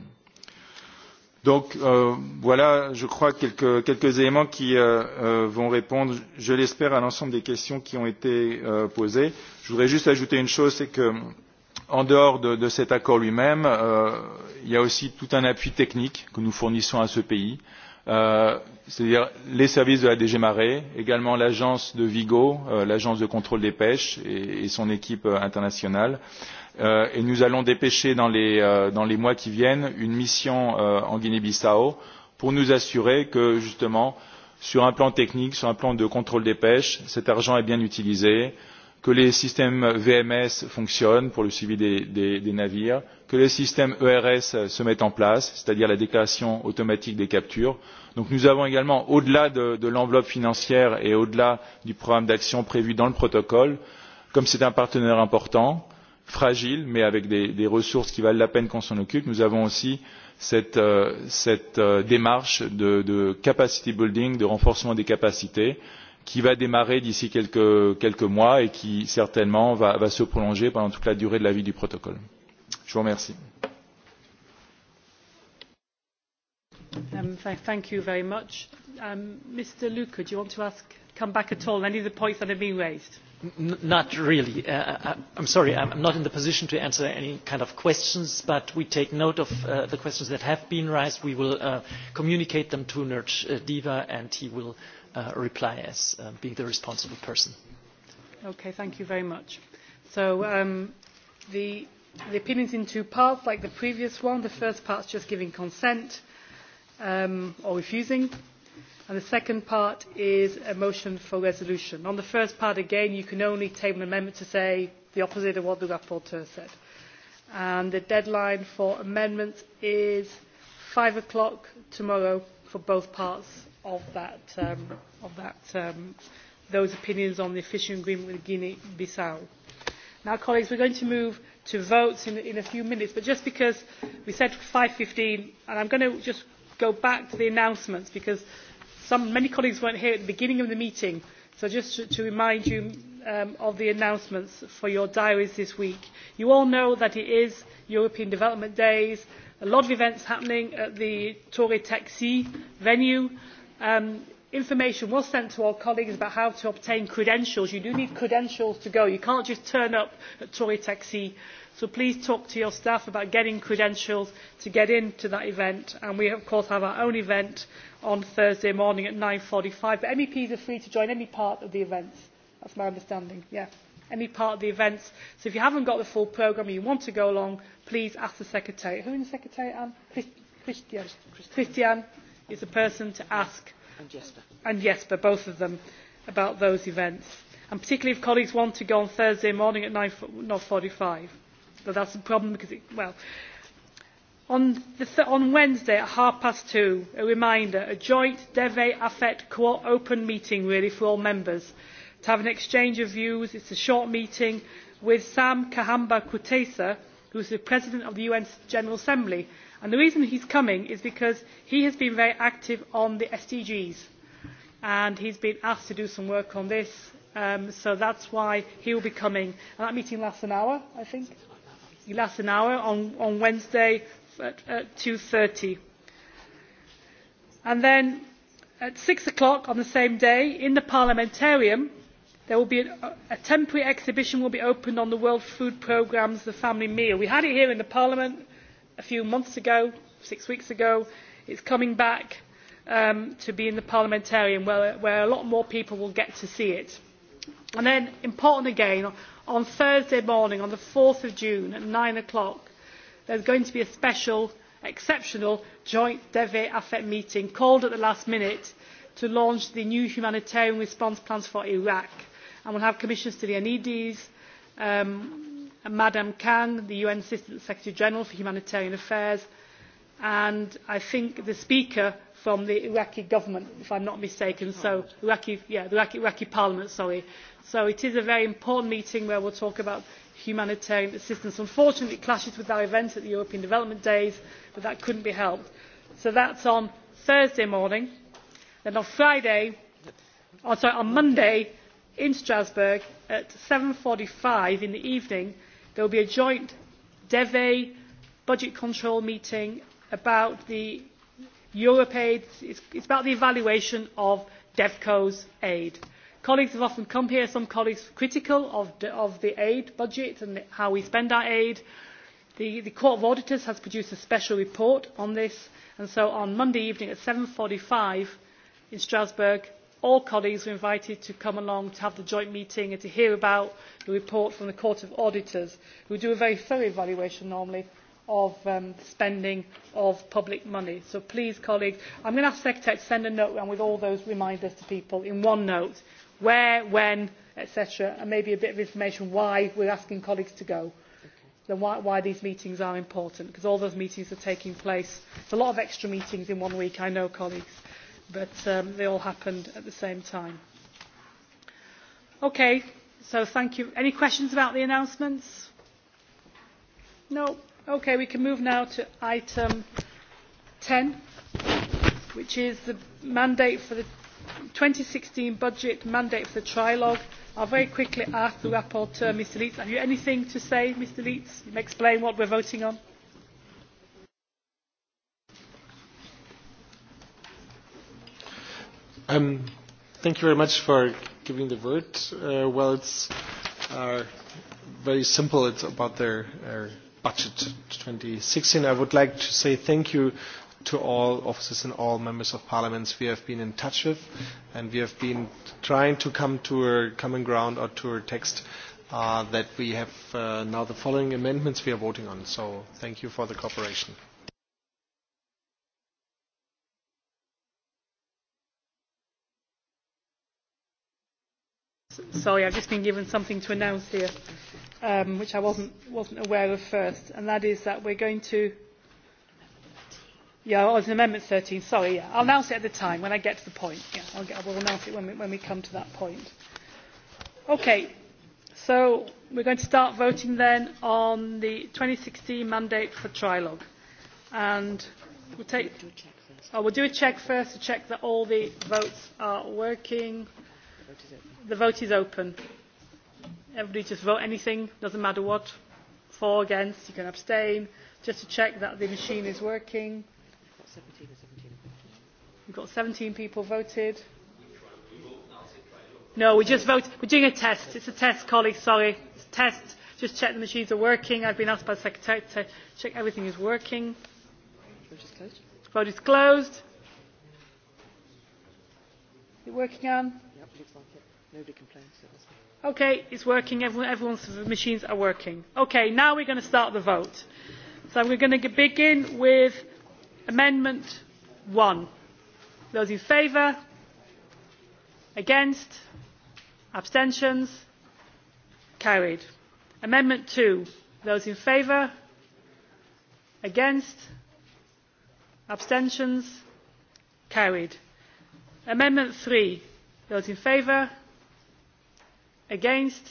donc euh, voilà je crois quelques, quelques éléments qui euh, euh, vont répondre je l'espère à l'ensemble des questions qui ont été euh, posées. je voudrais juste ajouter une chose c'est que en dehors de, cet accord lui même euh, il y a aussi tout un appui technique que nous fournissons à ce pays euh, c'est à dire les services de la dg mare également l'agence de vigo euh, l'agence de contrôle des pêches et, son équipe internationale et nous allons dépêcher dans les, dans les mois qui viennent une mission en guinée bissau pour nous assurer que justement sur un plan technique sur un plan de contrôle des pêches cet argent est bien utilisé que les systèmes VMS fonctionnent pour le suivi des, navires, que les systèmes ERS se mettent en place, c'est-à-dire la déclaration automatique des captures. Donc nous avons également, au-delà de, l'enveloppe financière et au-delà du programme d'action prévu dans le protocole, comme c'est un partenaire important, fragile, mais avec des, ressources qui valent la peine qu'on s'en occupe, nous avons aussi cette, euh, euh, démarche de, de capacity building, de renforcement des capacités, qui va démarrer d'ici quelques, quelques mois et qui certainement va, va se prolonger pendant toute la durée de la vie du protocole. je vous remercie. Um, thank you very much. Mr. Um, Luca, do you want to ask, come back at all? Any of the points that have been raised? not really. Uh, uh I'm sorry, I'm not in the position to answer any kind of questions, but we take note of uh, the questions that have been raised. We will uh, communicate them to Nerj uh, Diva, and he will uh, reply as uh, being the responsible person. Okay, thank you very much. So um, the, the opinion is in two parts, like the previous one. The first part is just giving consent um, or refusing. And the second part is a motion for resolution. On the first part, again, you can only table an amendment to say the opposite of what the rapporteur said. And the deadline for amendments is five o'clock tomorrow for both parts of that, um, of that, um, those opinions on the fishing agreement with Guinea Bissau. Now, colleagues, we're going to move to votes in, in a few minutes, but just because we said 5.15, and I'm going to just go back to the announcements because some, many colleagues weren't here at the beginning of the meeting, so just to, to remind you um, of the announcements for your diaries this week. You all know that it is European Development Days, a lot of events happening at the Torre Taxi venue Um, information was sent to our colleagues about how to obtain credentials. you do need credentials to go you cannot just turn up at tory taxi so please talk to your staff about getting credentials to get into that event and we of course have our own event on thursday morning at. nine forty five but meps are free to join any part of the events that is my understanding yes any part of the events so if you have not got the full programme and you want to go along please ask the secretariat who in the secretariat anne? christian is the person to ask and Jesper. both of them, about those events. And particularly if colleagues want to go on Thursday morning at five, But that's a problem because, well, on, the on Wednesday at half past two, a reminder, a joint DEVE AFET co open meeting really for all members to have an exchange of views. It's a short meeting with Sam Kahamba Kutesa, who is the President of the UN General Assembly And the reason he is coming is because he has been very active on the sdgs and he has been asked to do some work on this um, so that is why he will be coming. that meeting lasts an hour i think it lasts an hour on, on wednesday at two thirty and then at six o'clock on the same day in the parliamentarium there will be a, a temporary exhibition will be opened on the world food programme's the family meal. we had it here in the parliament a few months ago six weeks ago it is coming back um, to be in the parliamentarium where, a lot more people will get to see it. and then important again on thursday morning on four june at nine o'clock there is going to be a special exceptional joint deve afet meeting called at the last minute to launch the new humanitarian response plans for iraq and we will have commissioners stylianides madam kang the un Assistant secretary general for humanitarian affairs and i think the speaker from the iraqi government if i am not mistaken so the iraqi, parliament sorry. so it is a very important meeting where we will talk about humanitarian assistance. unfortunately it clashes with our event at the european development days but that could not be helped. so that is on thursday morning. then on friday oh, on monday in strasbourg at. seven forty five in the evening there will be a joint deve budget control meeting about the Europe it it's about the evaluation of devco's aid. colleagues have often come here some colleagues critical of the, aid budget and how we spend our aid. The, the court of auditors has produced a special report on this and so on monday evening at. seven forty five in strasbourg all colleagues were invited to come along to have the joint meeting and to hear about the report from the court of auditors who do a very thorough evaluation normally of um, spending of public money. So please, colleagues, I am going to ask Secretary to send a note round with all those reminders to people in one note, where, when, etc., and maybe a bit of information why we are asking colleagues to go, and why, why these meetings are important, because all those meetings are taking place. are a lot of extra meetings in one week, I know, colleagues but um, they all happened at the same time. Okay, so thank you. Any questions about the announcements? No? Okay, we can move now to item 10, which is the mandate for the 2016 budget mandate for the trilogue. I'll very quickly ask the rapporteur, Mr. Leeds. have you anything to say, Mr. Leeds? You explain what we're voting on. Um, thank you very much for giving the word. Uh, well, it's uh, very simple. It's about their uh, budget 2016. I would like to say thank you to all offices and all members of parliaments we have been in touch with, and we have been trying to come to a common ground or to a text uh, that we have uh, now the following amendments we are voting on. So thank you for the cooperation. Sorry, I've just been given something to announce here, um, which I wasn't, wasn't aware of first, and that is that we're going to... Yeah, oh, it's Amendment 13, sorry, yeah. I'll announce it at the time, when I get to the point. Yeah, I'll get, I will announce it when we, when we come to that point. Okay, so we're going to start voting then on the 2016 mandate for trilogue. And we'll take... Oh, we'll do a check first to check that all the votes are working. The vote is open. Everybody just vote anything, doesn't matter what. For, against, you can abstain. Just to check that the machine is working. We've got 17 people voted. No, we just vote. We're doing a test. It's a test, colleagues, sorry. It's a test. Just check the machines are working. I've been asked by the Secretary to check everything is working. Vote is closed. Is it working, Anne? Nobody Okay, it's working. Everyone, everyone's machines are working. Okay, now we're going to start the vote. So we're going to begin with Amendment 1. Those in favour? Against? Abstentions? Carried. Amendment 2. Those in favour? Against? Abstentions? Carried. Amendment 3 those in favour against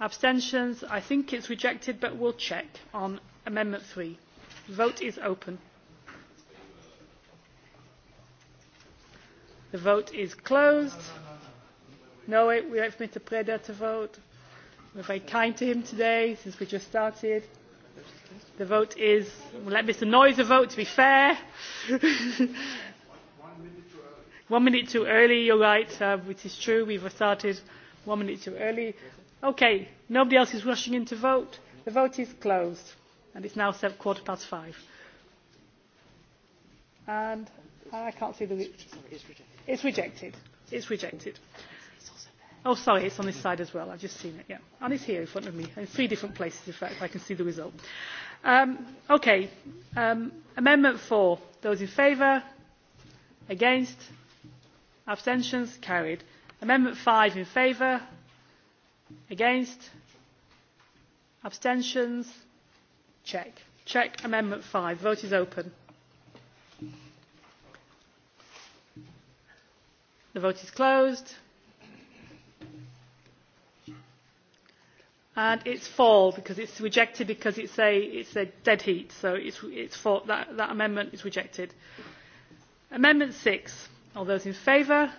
abstentions i think it is rejected but we will check on amendment three the vote is open the vote is closed no wait we have mr preda to vote we are very kind to him today since we just started the vote is we'll let mr Noiser vote to be fair one minute too early you are right uh, which is true we have started one minute too early. okay nobody else is rushing in to vote the vote is closed and it is now seven, quarter past five and i can't see the it's rejected rejected oh sorry it's on this side as well i've just seen it yeah and it's here in front of me in three different places in fact i can see the result um, okay um, amendment four those in favour against abstentions carried amendment five in favour against abstentions check check amendment five vote is open the vote is closed and it's fall because it's rejected because it's a it's a dead heat so it's it's that that amendment is rejected amendment six all those in favour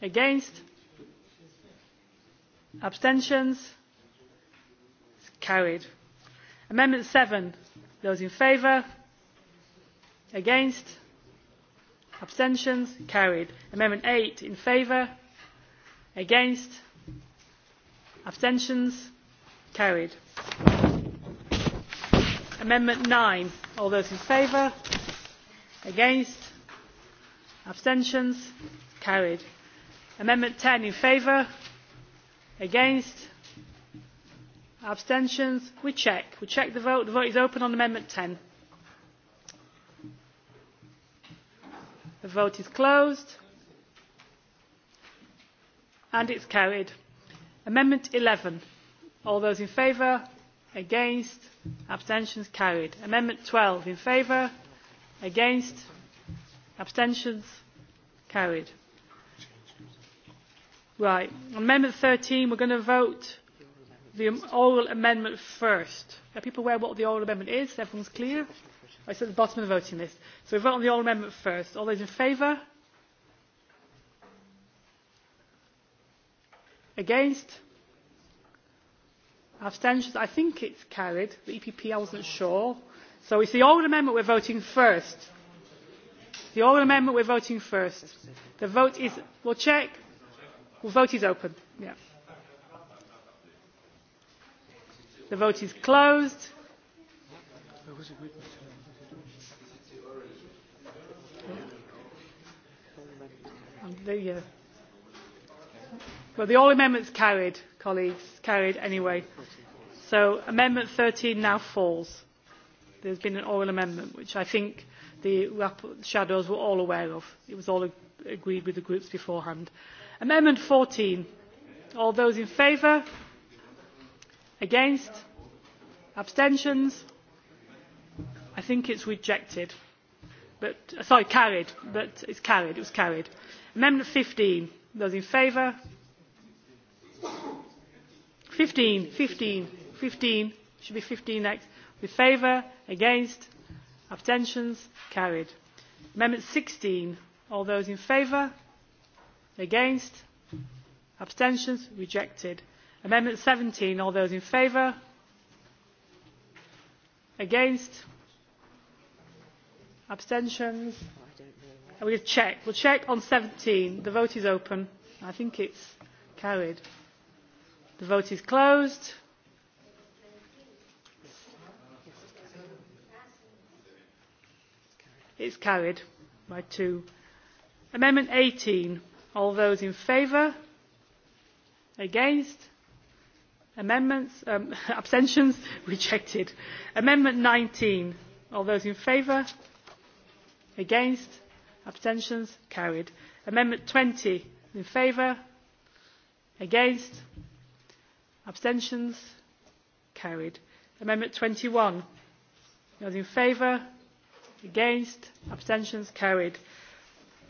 against abstentions carried. amendment 7 those in favour against abstentions carried. amendment 8 in favour against abstentions carried. amendment 9, all those in favour against abstentions carried. amendment ten in favour against abstentions we check we check the vote the vote is open on amendment ten the vote is closed and it's carried. amendment 11. all those in favour against abstentions carried. amendment 12. in favour against abstentions carried right amendment 13 we're going to vote the oral amendment first are people aware what the oral amendment is everyone's clear it's at the bottom of the voting list so we vote on the oral amendment first all those in favour against abstentions i think it's carried the epp i wasn't sure so it's the oral amendment we're voting first the oral amendment we are voting first. the vote is We'll will check the vote is open. the vote is closed. The, oral uh, well, the all amendments carried, colleagues, carried anyway. So amendment 13 now falls. There's been an oral amendment, which I think the shadows were all aware of. It was all agreed with the groups beforehand. Amendment 14. All those in favour? Against? Abstentions? I think it's rejected. But, uh, sorry, carried. But it's carried. It was carried. Amendment 15. Those in favour? 15. 15. 15. Should be 15 next. In favour? Against? abstentions carried amendment sixteen all those in favour against abstentions rejected amendment seventeen all those in favour against abstentions we will check we will check on seventeen the vote is open i think it is carried the vote is closed is carried by two. Amendment 18. All those in favour? Against? Amendments? Um, abstentions? Rejected. Amendment 19. All those in favour? Against? Abstentions? Carried. Amendment 20. In favour? Against? Abstentions? Carried. Amendment 21. Those in favour? against abstentions carried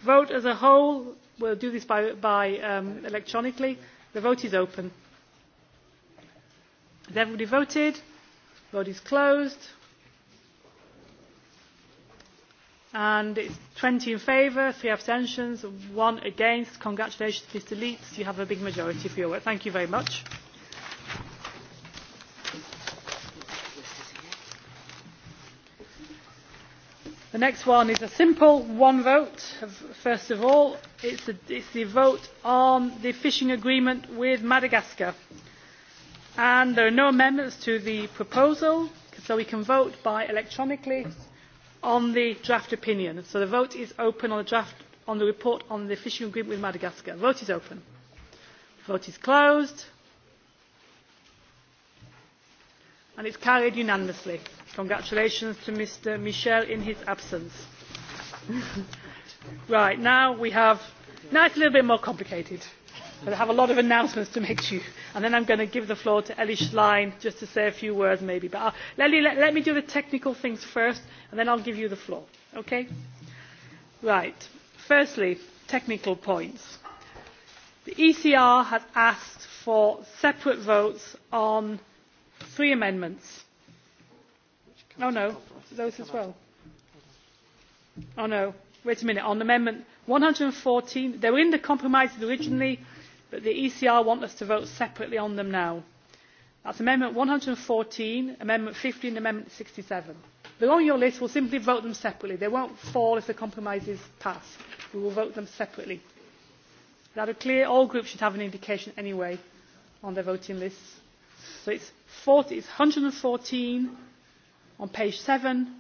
vote as a whole we'll do this by, um, electronically the vote is open has everybody voted vote is closed and it's 20 in favour, three abstentions, one against. Congratulations, Mr Leitz. You have a big majority for your work. Thank you very much. the next one is a simple one vote first of all it is the vote on the fishing agreement with madagascar and there are no amendments to the proposal so we can vote by electronically on the draft opinion. so the vote is open on the draft on the report on the fishing agreement with madagascar. the vote is open. the vote is closed and it is carried unanimously congratulations to mr michel in his absence. right now we have now a little bit more complicated but i have a lot of announcements to make to you and then i'm going to give the floor to elly schlein just to say a few words maybe but let, me do the technical things first and then i'll give you the floor okay right firstly technical points the ecr has asked for separate votes on three amendments Oh no, those as well. Oh no, wait a minute. On Amendment 114, they were in the compromises originally, but the ECR want us to vote separately on them now. That's Amendment 114, Amendment 50 and Amendment 67. They're on your list. will simply vote them separately. They won't fall if the compromises pass. We will vote them separately. That are clear. All groups should have an indication anyway on their voting lists. So it's, forty it's 114, on page seven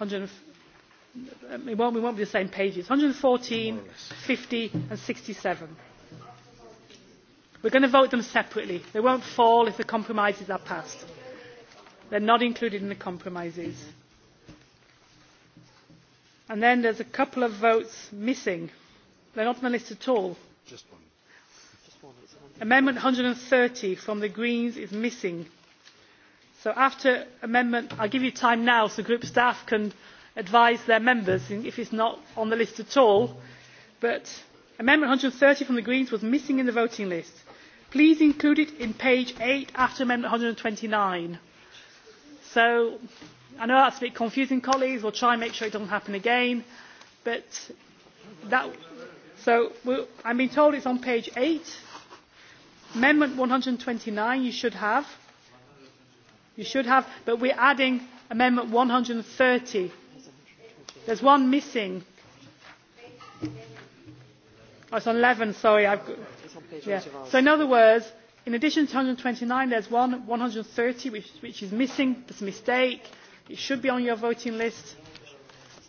um, it will not be the same pages one hundred and fourteen fifty and sixty seven we are going to vote them separately they will not fall if the compromises are passed they are not included in the compromises and then there are a couple of votes missing they are not on the list at all amendment one hundred and thirty from the greens is missing so after amendment i will give you time now so group staff can advise their members if it is not on the list at all but amendment one hundred and thirty from the greens was missing in the voting list. please include it in page eight after amendment one hundred and twenty nine so i know that is a bit confusing colleagues we will try and make sure it doesn't happen again but that so i am told it is on page eight amendment one hundred and twenty nine you should have you should have but we are adding amendment one hundred and thirty there is one missing oh, it's on eleven sorry I've so in other words in addition to one hundred and twenty nine there is one one hundred and thirty which is missing It is a mistake it should be on your voting list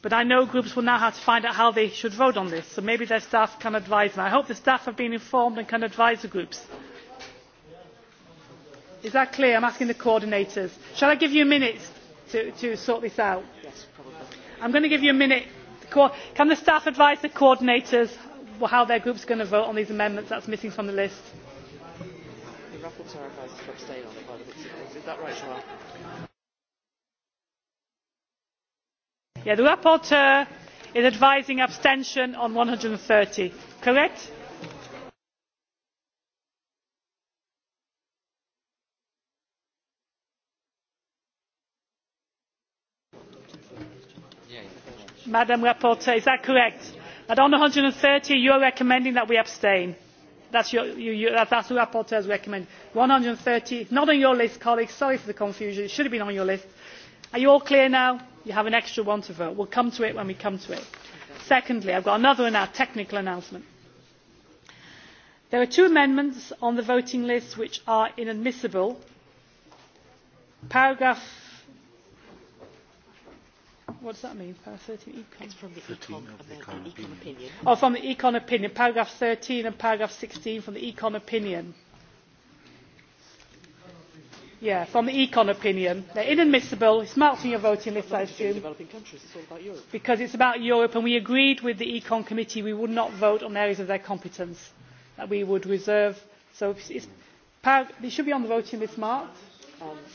but i know groups will now have to find out how they should vote on this so maybe their staff can advise them. i hope the staff have been informed and can advise the groups is that clear? i am asking the coordinators. shall i give you a minute to, to sort this out? Yes, i am going to give you a minute. can the staff advise the coordinators how their group is going to vote on these amendments That's missing from the list? the rapporteur advises to abstain on it the is that right, Joelle? Yeah, the rapporteur is advising abstention on 130. correct? madam rapporteur is that correct? at on one hundred and thirty you are recommending that we abstain. that is the rapporteur's recommendation. one hundred and thirty not on your list colleagues sorry for the confusion it should have been on your list. are you all clear now? you have an extra one to vote. we will come to it when we come to it. secondly i have got another technical announcement. there are two amendments on the voting list which are inadmissible. paragraph What does that mean? Paragraph econ. It's from the econ, of the, econ, opinion. Oh, from the econ opinion. Paragraph 13 and paragraph 16 from the econ opinion. Yeah, from the econ opinion. They're inadmissible. It's marked your voting list, I assume. Developing about Europe. Because it's about Europe, and we agreed with the econ committee we would not vote on areas of their competence. That we would reserve. So it's, it should be on the voting list marked.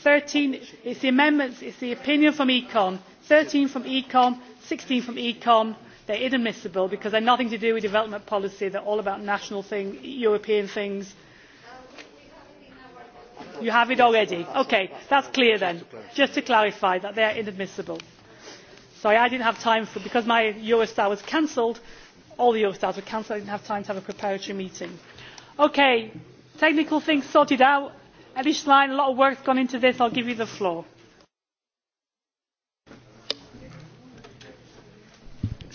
13, um, it's the amendments, is the opinion from econ thirteen from econ sixteen from econ they are inadmissible because they have nothing to do with development policy they are all about national things european things. you have it already? ok that is clear then just to clarify that they are inadmissible. sorry i did not have time because my eurostar was cancelled all the eurostars were cancelled i did not have time to have a preparatory meeting. ok technical things sorted out. elly schlein a lot of work has gone into this i will give you the floor.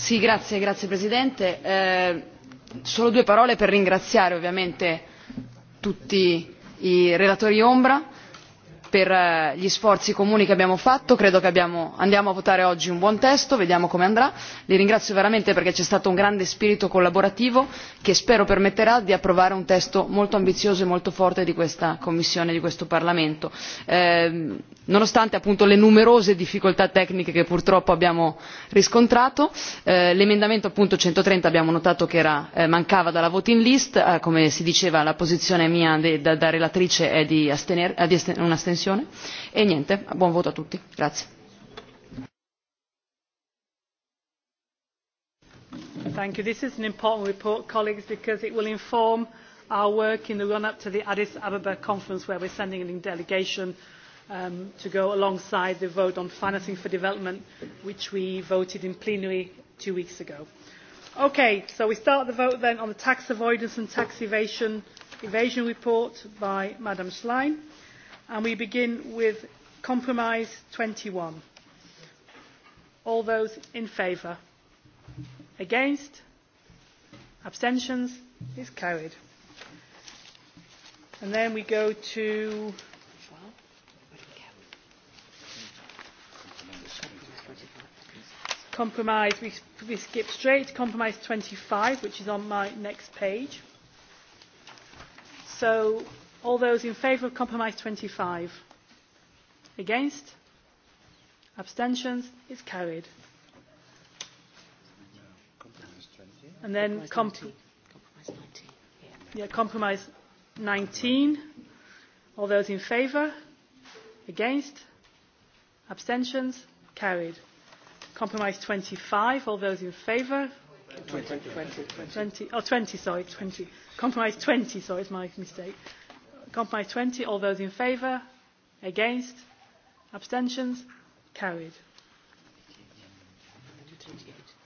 Signora grazie, Presidente. Eh, solo due parole per ringraziare ovviamente tutti i relatori ombra per eh, gli sforzi comuni che abbiamo fatto credo che andiamo a votare oggi un buon testo vediamo come andrà li ringrazio veramente perché c'è stato un grande spirito collaborativo che spero permetterà di approvare un testo molto ambizioso e molto forte di questa commissione e di questo parlamento. Eh, nonostante appunto le numerose difficoltà tecniche che purtroppo abbiamo riscontrato eh, l'emendamento appunto centotrenta abbiamo notato che era, eh, mancava dalla voting list eh, come si diceva la posizione mia da, relatrice è di, astener, un'astensione e niente buon voto a tutti grazie Thank you. This is an important report, colleagues, because it will inform our work in the run up to the Addis Ababa conference where we're sending a delegation Um, to go alongside the vote on financing for development which we voted in plenary two weeks ago. Okay, so we start the vote then on the tax avoidance and tax evasion, report by Madam Schlein and we begin with compromise twenty one. All those in favour? Against? Abstentions? Is carried. And then we go to compromise we, skip straight to compromise twenty five which is on my next page so all those in favour of compromise twenty five against abstentions is carried and then yeah, compromise nineteen all those in favour against abstentions carried Compromise 25. All those in favour? 20, 20, 20. Oh, 20, sorry, 20. Compromise 20, sorry, it's my mistake. Compromise 20. All those in favour? Against? Abstentions? Carried.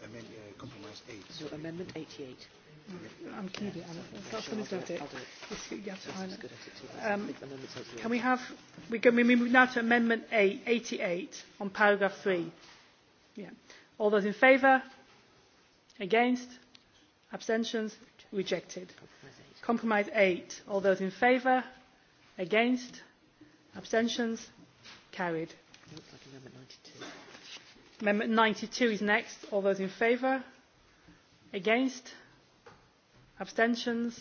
Amend, uh, compromise 8. So amendment 88. I'm keeping it. That's what he's got it. You have to sign it. Um, can we have, we, can, move now to amendment 8, 88 on paragraph 3. Yeah. all those in favour against abstentions rejected compromise eight all those in favour against abstentions carried amendment ninety two is next all those in favour against abstentions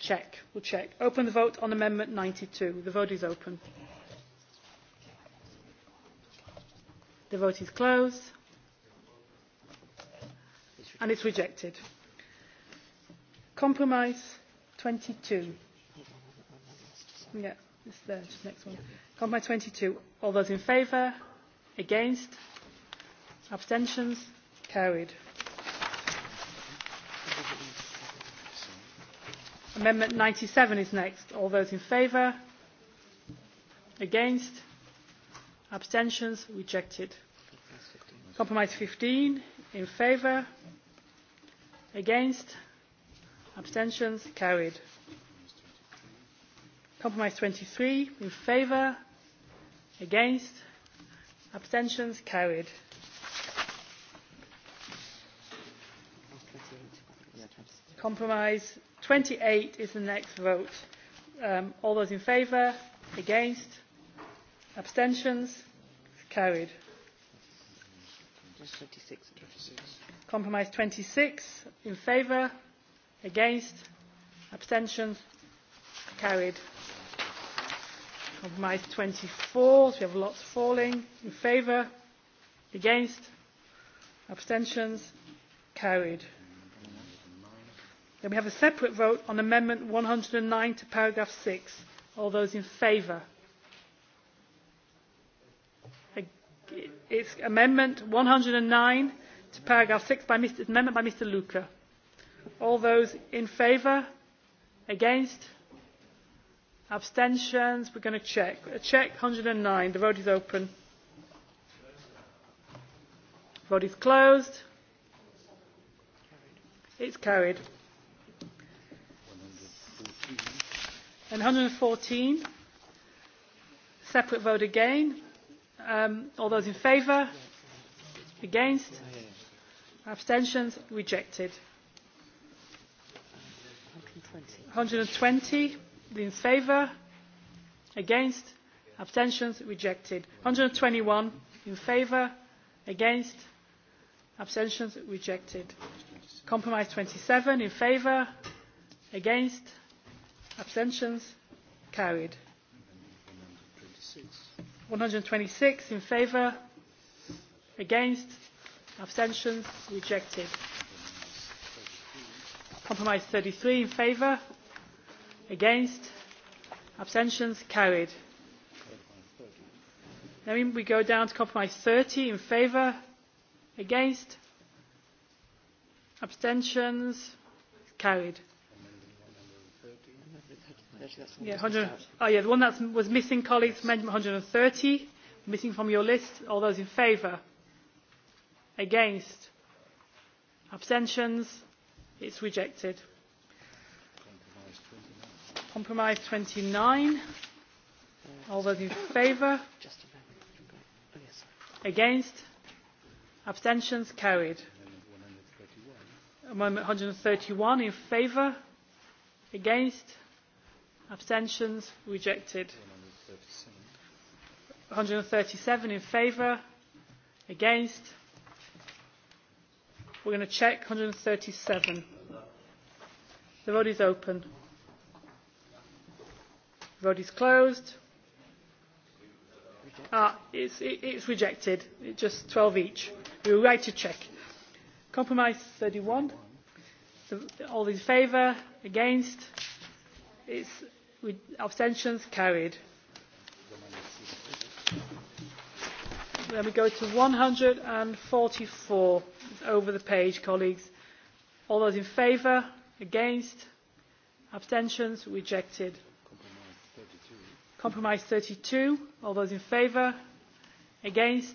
check we'll check open the vote on amendment ninety two the vote is open the vote is closed and it's rejected compromise 22 yeah it's the next one compromise 22 all those in favour against abstentions carried amendment 97 is next all those in favour against abstentions rejected compromise 15 in favour against abstentions carried compromise 23 in favour against abstentions carried compromise 28 is the next vote um, all those in favour against abstentions carried compromise twenty six in favour against abstentions carried compromise twenty four so we have lots falling in favour against abstentions carried then we have a separate vote on amendment one hundred and nine to paragraph six all those in favour it is amendment one hundred and nine to paragraph six by mr amendment by mr Luca. all those in favour against abstentions we going to check check one hundred and nine the vote is open vote is closed it is carried and one separate vote again Um, all those in favour? Against? Abstentions? Rejected. 120 in favour? Against? Abstentions? Rejected. 121 in favour? Against? Abstentions? Rejected. Compromise 27 in favour? Against? Abstentions? Carried. 26 one twenty six in favour against abstentions rejected compromise thirty three in favour against abstentions carried then we go down to compromise thirty in favour against abstentions carried Oh, the one that was missing, colleagues, amendment 130, missing from your list. All those in favour? Against? Abstentions? It's rejected. Compromise 29. All those in favour? Against? Abstentions? Carried. Amendment 131 in favour? Against? abstentions rejected one hundred and thirty seven in favour against We're going to check one hundred and thirty seven the vote is open the vote is closed ah, it's, it, it's rejected It's just 12 each we were right to check compromise 31 So all in favour against it's with abstentions carried. Then we go to 144 it's over the page colleagues. All those in favour, against, abstentions rejected. Compromise 32 all those in favour, against,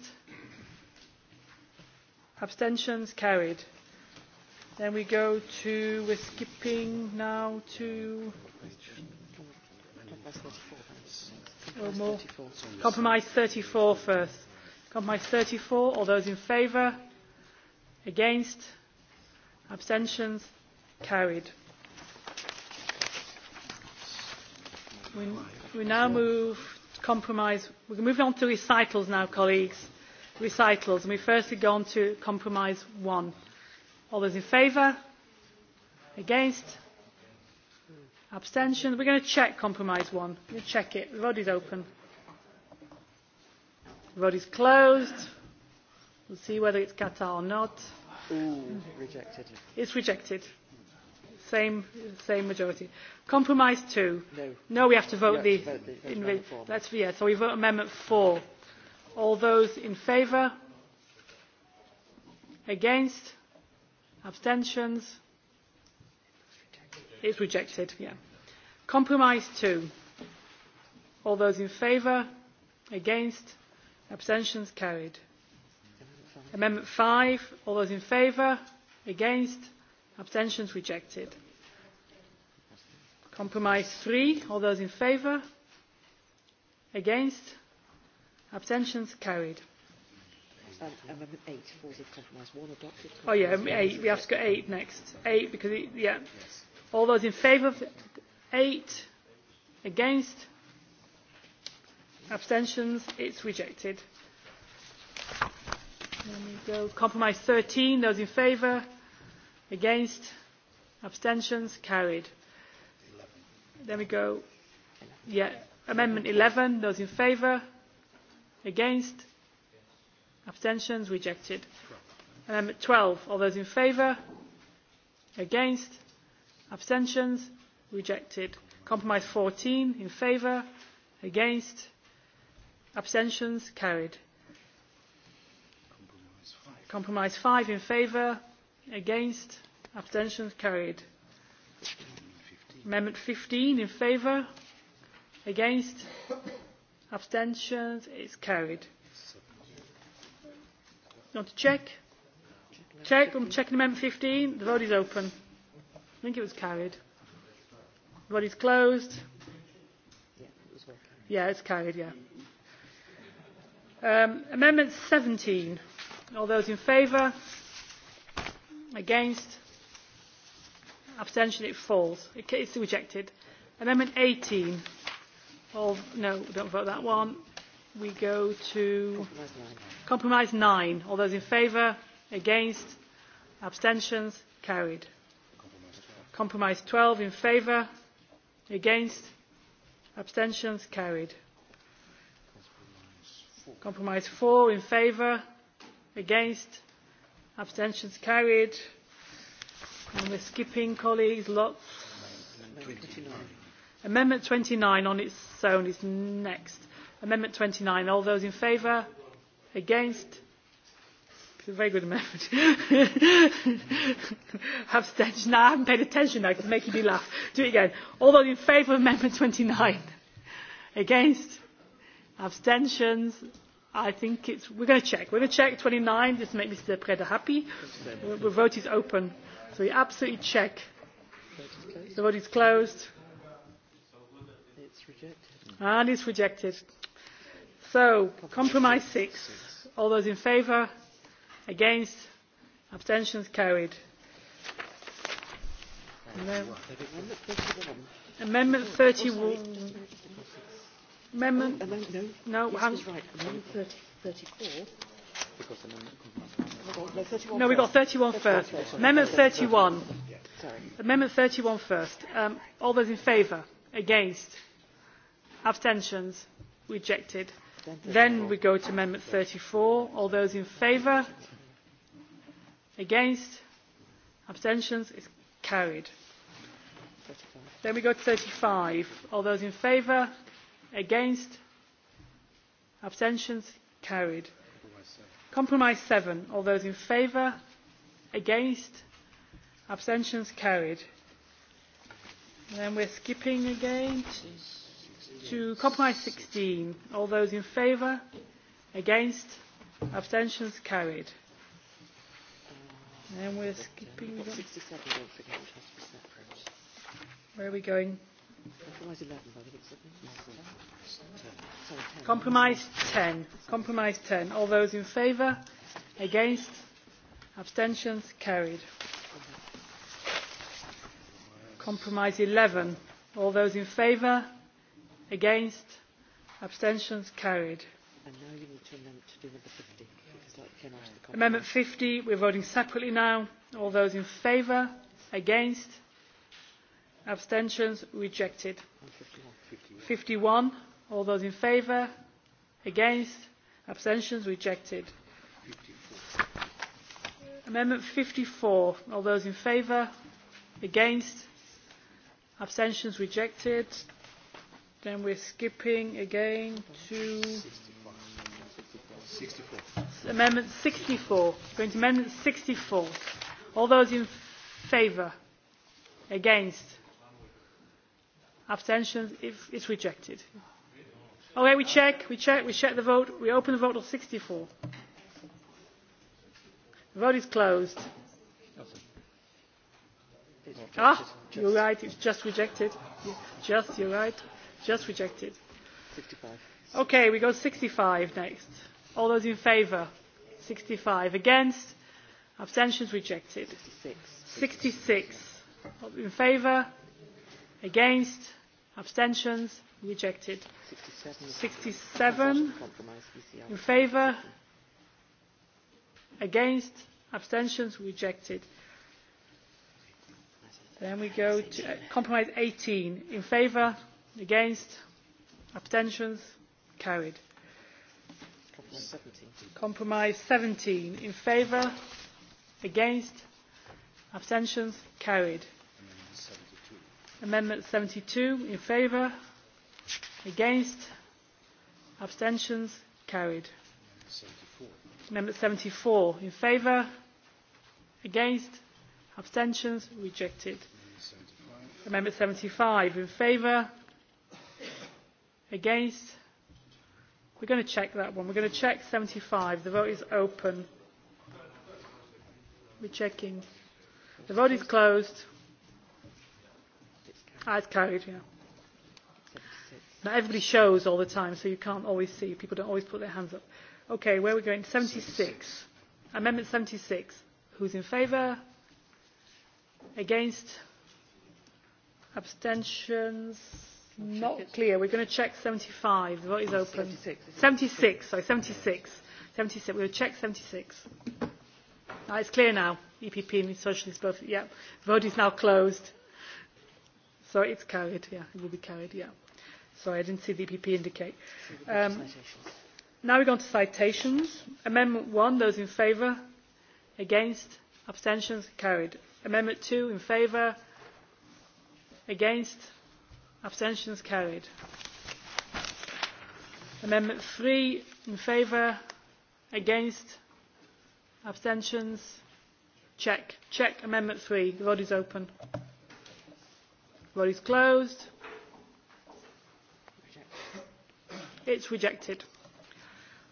abstentions carried. Then we go to, we're skipping now to That's 34. four, Compromise 34 first. Compromise 34. All those in favour? Against? Abstentions? Carried. We, we now move to compromise. We're move on to recitals now, colleagues. Recitals. And we firstly go on to compromise one. All those in favour? Against? Abstentions? we're going to check compromise one check it the vote is open the vote is closed we'll see whether it's qatar or not It rejected it's rejected same same majority compromise two no, we have to vote the, so we vote amendment four all those in favour against abstentions is rejected, yeah. Compromise two. All those in favour? Against? Abstentions carried. Amendment five. All those in favour? Against? Abstentions rejected. Compromise three. All those in favour? Against? Abstentions carried. Amendment eight. falls compromise 1 adopted. Oh yeah, eight. We have to go eight next. Eight because, it, yeah all those in favour eight against abstentions It's rejected Then we go. compromise 13. those in favour against abstentions carried Then we go yeah amendment eleven those in favour against abstentions rejected amendment 12. all those in favour against abstentions rejected compromise 14 in favour against abstentions carried compromise 5 in favour against abstentions carried amendment 15 in favour against abstentions is carried want to check check on checking amendment 15 the vote is open think it was carried. What is closed? Yeah, it's carried, yeah. Um, amendment 17. All those in favour? Against? Abstention, it falls. It, it's rejected. Amendment 18. All, no, we don't vote that one. We go to compromise 9. All those in favour? Against? Abstentions? Carried compromise twelve in favour against abstentions carried compromise four in favour against abstentions carried and we're skipping colleagues lots amendment twenty nine on its own is next amendment twenty nine all those in favour against It's very good amendment. Have attention. Now I haven't paid attention. I can make you laugh. Do it again. All those in favour of Amendment 29? Against? Abstentions? I think it's... We're going to check. We're going to check 29 just to make Mr. Preda happy. The vote is open. So we absolutely check. The vote is closed. It's rejected. And it's rejected. So, compromise six. All those in favour? against abstentions carried amendment thirty one amendment no no we got thirty one first amendment thirty one amendment thirty one first um, all those in favour against abstentions rejected then we go to amendment thirty four all those in favour against abstentions is carried then we go to thirty five all those in favour against abstentions carried compromise seven all those in favour against abstentions carried then we're skipping again to to compromise 16. All those in favour? Against? Abstentions carried. And we're skipping. to Where are we going? Compromise 11, Compromise 10. Compromise 10. All those in favour? Against? Abstentions carried. Compromise 11. All those in favour? against abstentions carried and now you need amendment 50 we're voting separately now all those in favour against abstentions rejected Fifty one. all those in favour against abstentions rejected Amendment fifty four. all those in favour against abstentions rejected Then we're skipping again to 64. Amendment 64. Going to Amendment 64. All those in favour? Against? Abstentions? If it's rejected. Okay, we check, we check, we check the vote. We open the vote on 64. The vote is closed. Ah, you're right, it's just rejected. Just, you're right. Just rejected. 65. Okay, we go 65 next. All those in favour? 65. Against? Abstentions rejected. 66. 66. In favour? Against? Abstentions rejected. 67. 67. In favour? Against? Abstentions rejected. Then we go to uh, compromise 18. In favour? against abstentions carried compromise seventeen. in favour against abstentions carried amendment seventy two in favour against abstentions carried amendment four in favour against abstentions rejected amendment five in favour Against? We're going to check that one. We're going to check 75. The vote is open. We're checking. The vote is closed. Ah, it's carried, yeah. Now everybody shows all the time, so you can't always see. People don't always put their hands up. Okay, where are we going? 76. Amendment 76. Who's in favour? Against? Abstentions? not clear. We're going to check 75. The vote is open. 76. 76. Sorry, 76. 76. We're check 76. Now ah, it's clear now. EPP and Socialists both. Yeah. The vote is now closed. So it's carried. Yeah, it will be carried. Yeah. Sorry, I didn't see the EPP indicate. Um, now we're going to citations. Amendment 1, those in favour? Against? Abstentions? Carried. Amendment 2, in favour? Against? abstentions carried amendment three in favour against abstentions check check amendment three the vote is open the vote is closed it's rejected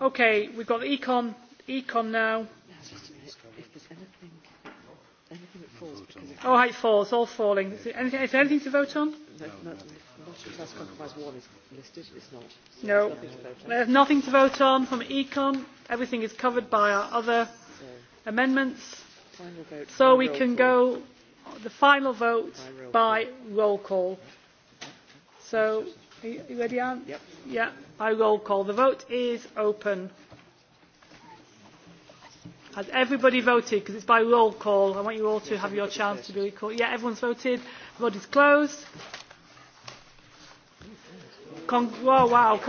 okay we've got the econ econ now oh it falls all falling is there anything to vote on no, no not. no. There's We have nothing to vote on from econ. Everything is covered by our other amendments. so we can go the final vote by roll, call. So are you ready, Anne? Yep. Yeah, by roll call. The vote is open. Has everybody voted? Because it's by roll call. I want you all to have your chance to be recalled. Yeah, everyone's voted. The vote is closed con wow, wow,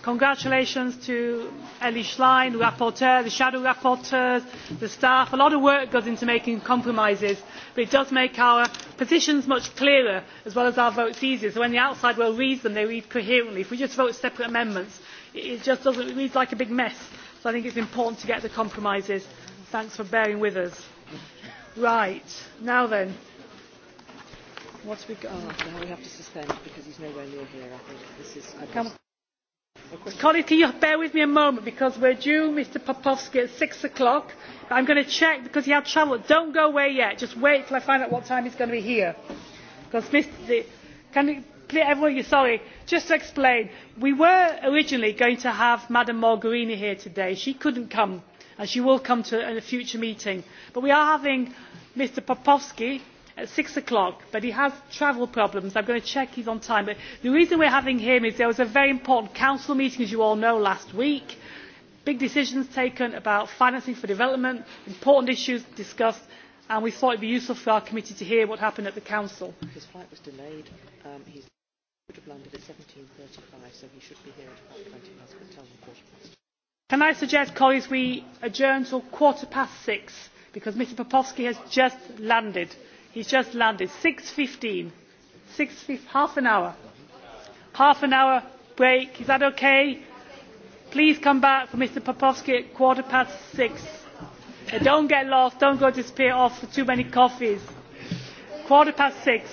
congratulations to Ellie Schlein, the rapporteur, the shadow rapporteurs, the staff. A lot of work goes into making compromises, but it does make our positions much clearer as well as our votes easier. So when the outside world reads them, they read coherently. If we just vote separate amendments, it just doesn't, it reads like a big mess. So I think it's important to get the compromises. Thanks for bearing with us. Right. Now then. what we got? Oh, now we have to suspend because he's nowhere near here. I think this is. I Come. Colleagues, can you bear with me a moment because we're due Mr. Popovsky at six o'clock. I'm going to check because he had trouble. Don't go away yet. Just wait till I find out what time he's going to be here. Because Mr. the Can you, everyone, you sorry. Just to explain, we were originally going to have Madame Mogherini here today. She couldn't come as you will come to a future meeting. But we are having Mr Popovsky at six o'clock, but he has travel problems. I am going to check he is on time. the reason we are having him is there was a very important Council meeting, as you all know, last week. Big decisions taken about financing for development, important issues discussed and we thought it would be useful for our committee to hear what happened at the council. His flight was delayed. Um, he should have landed at 17.35, so he should be here at about 20 past. Can I suggest, colleagues, we adjourn till quarter past six because Mr. Popovsky has just landed. He's just landed. 6.15. Six, half an hour. Half an hour break. Is that okay? Please come back for Mr. Popovsky at quarter past six. Uh, don't get lost. Don't go disappear off for too many coffees. Quarter past six.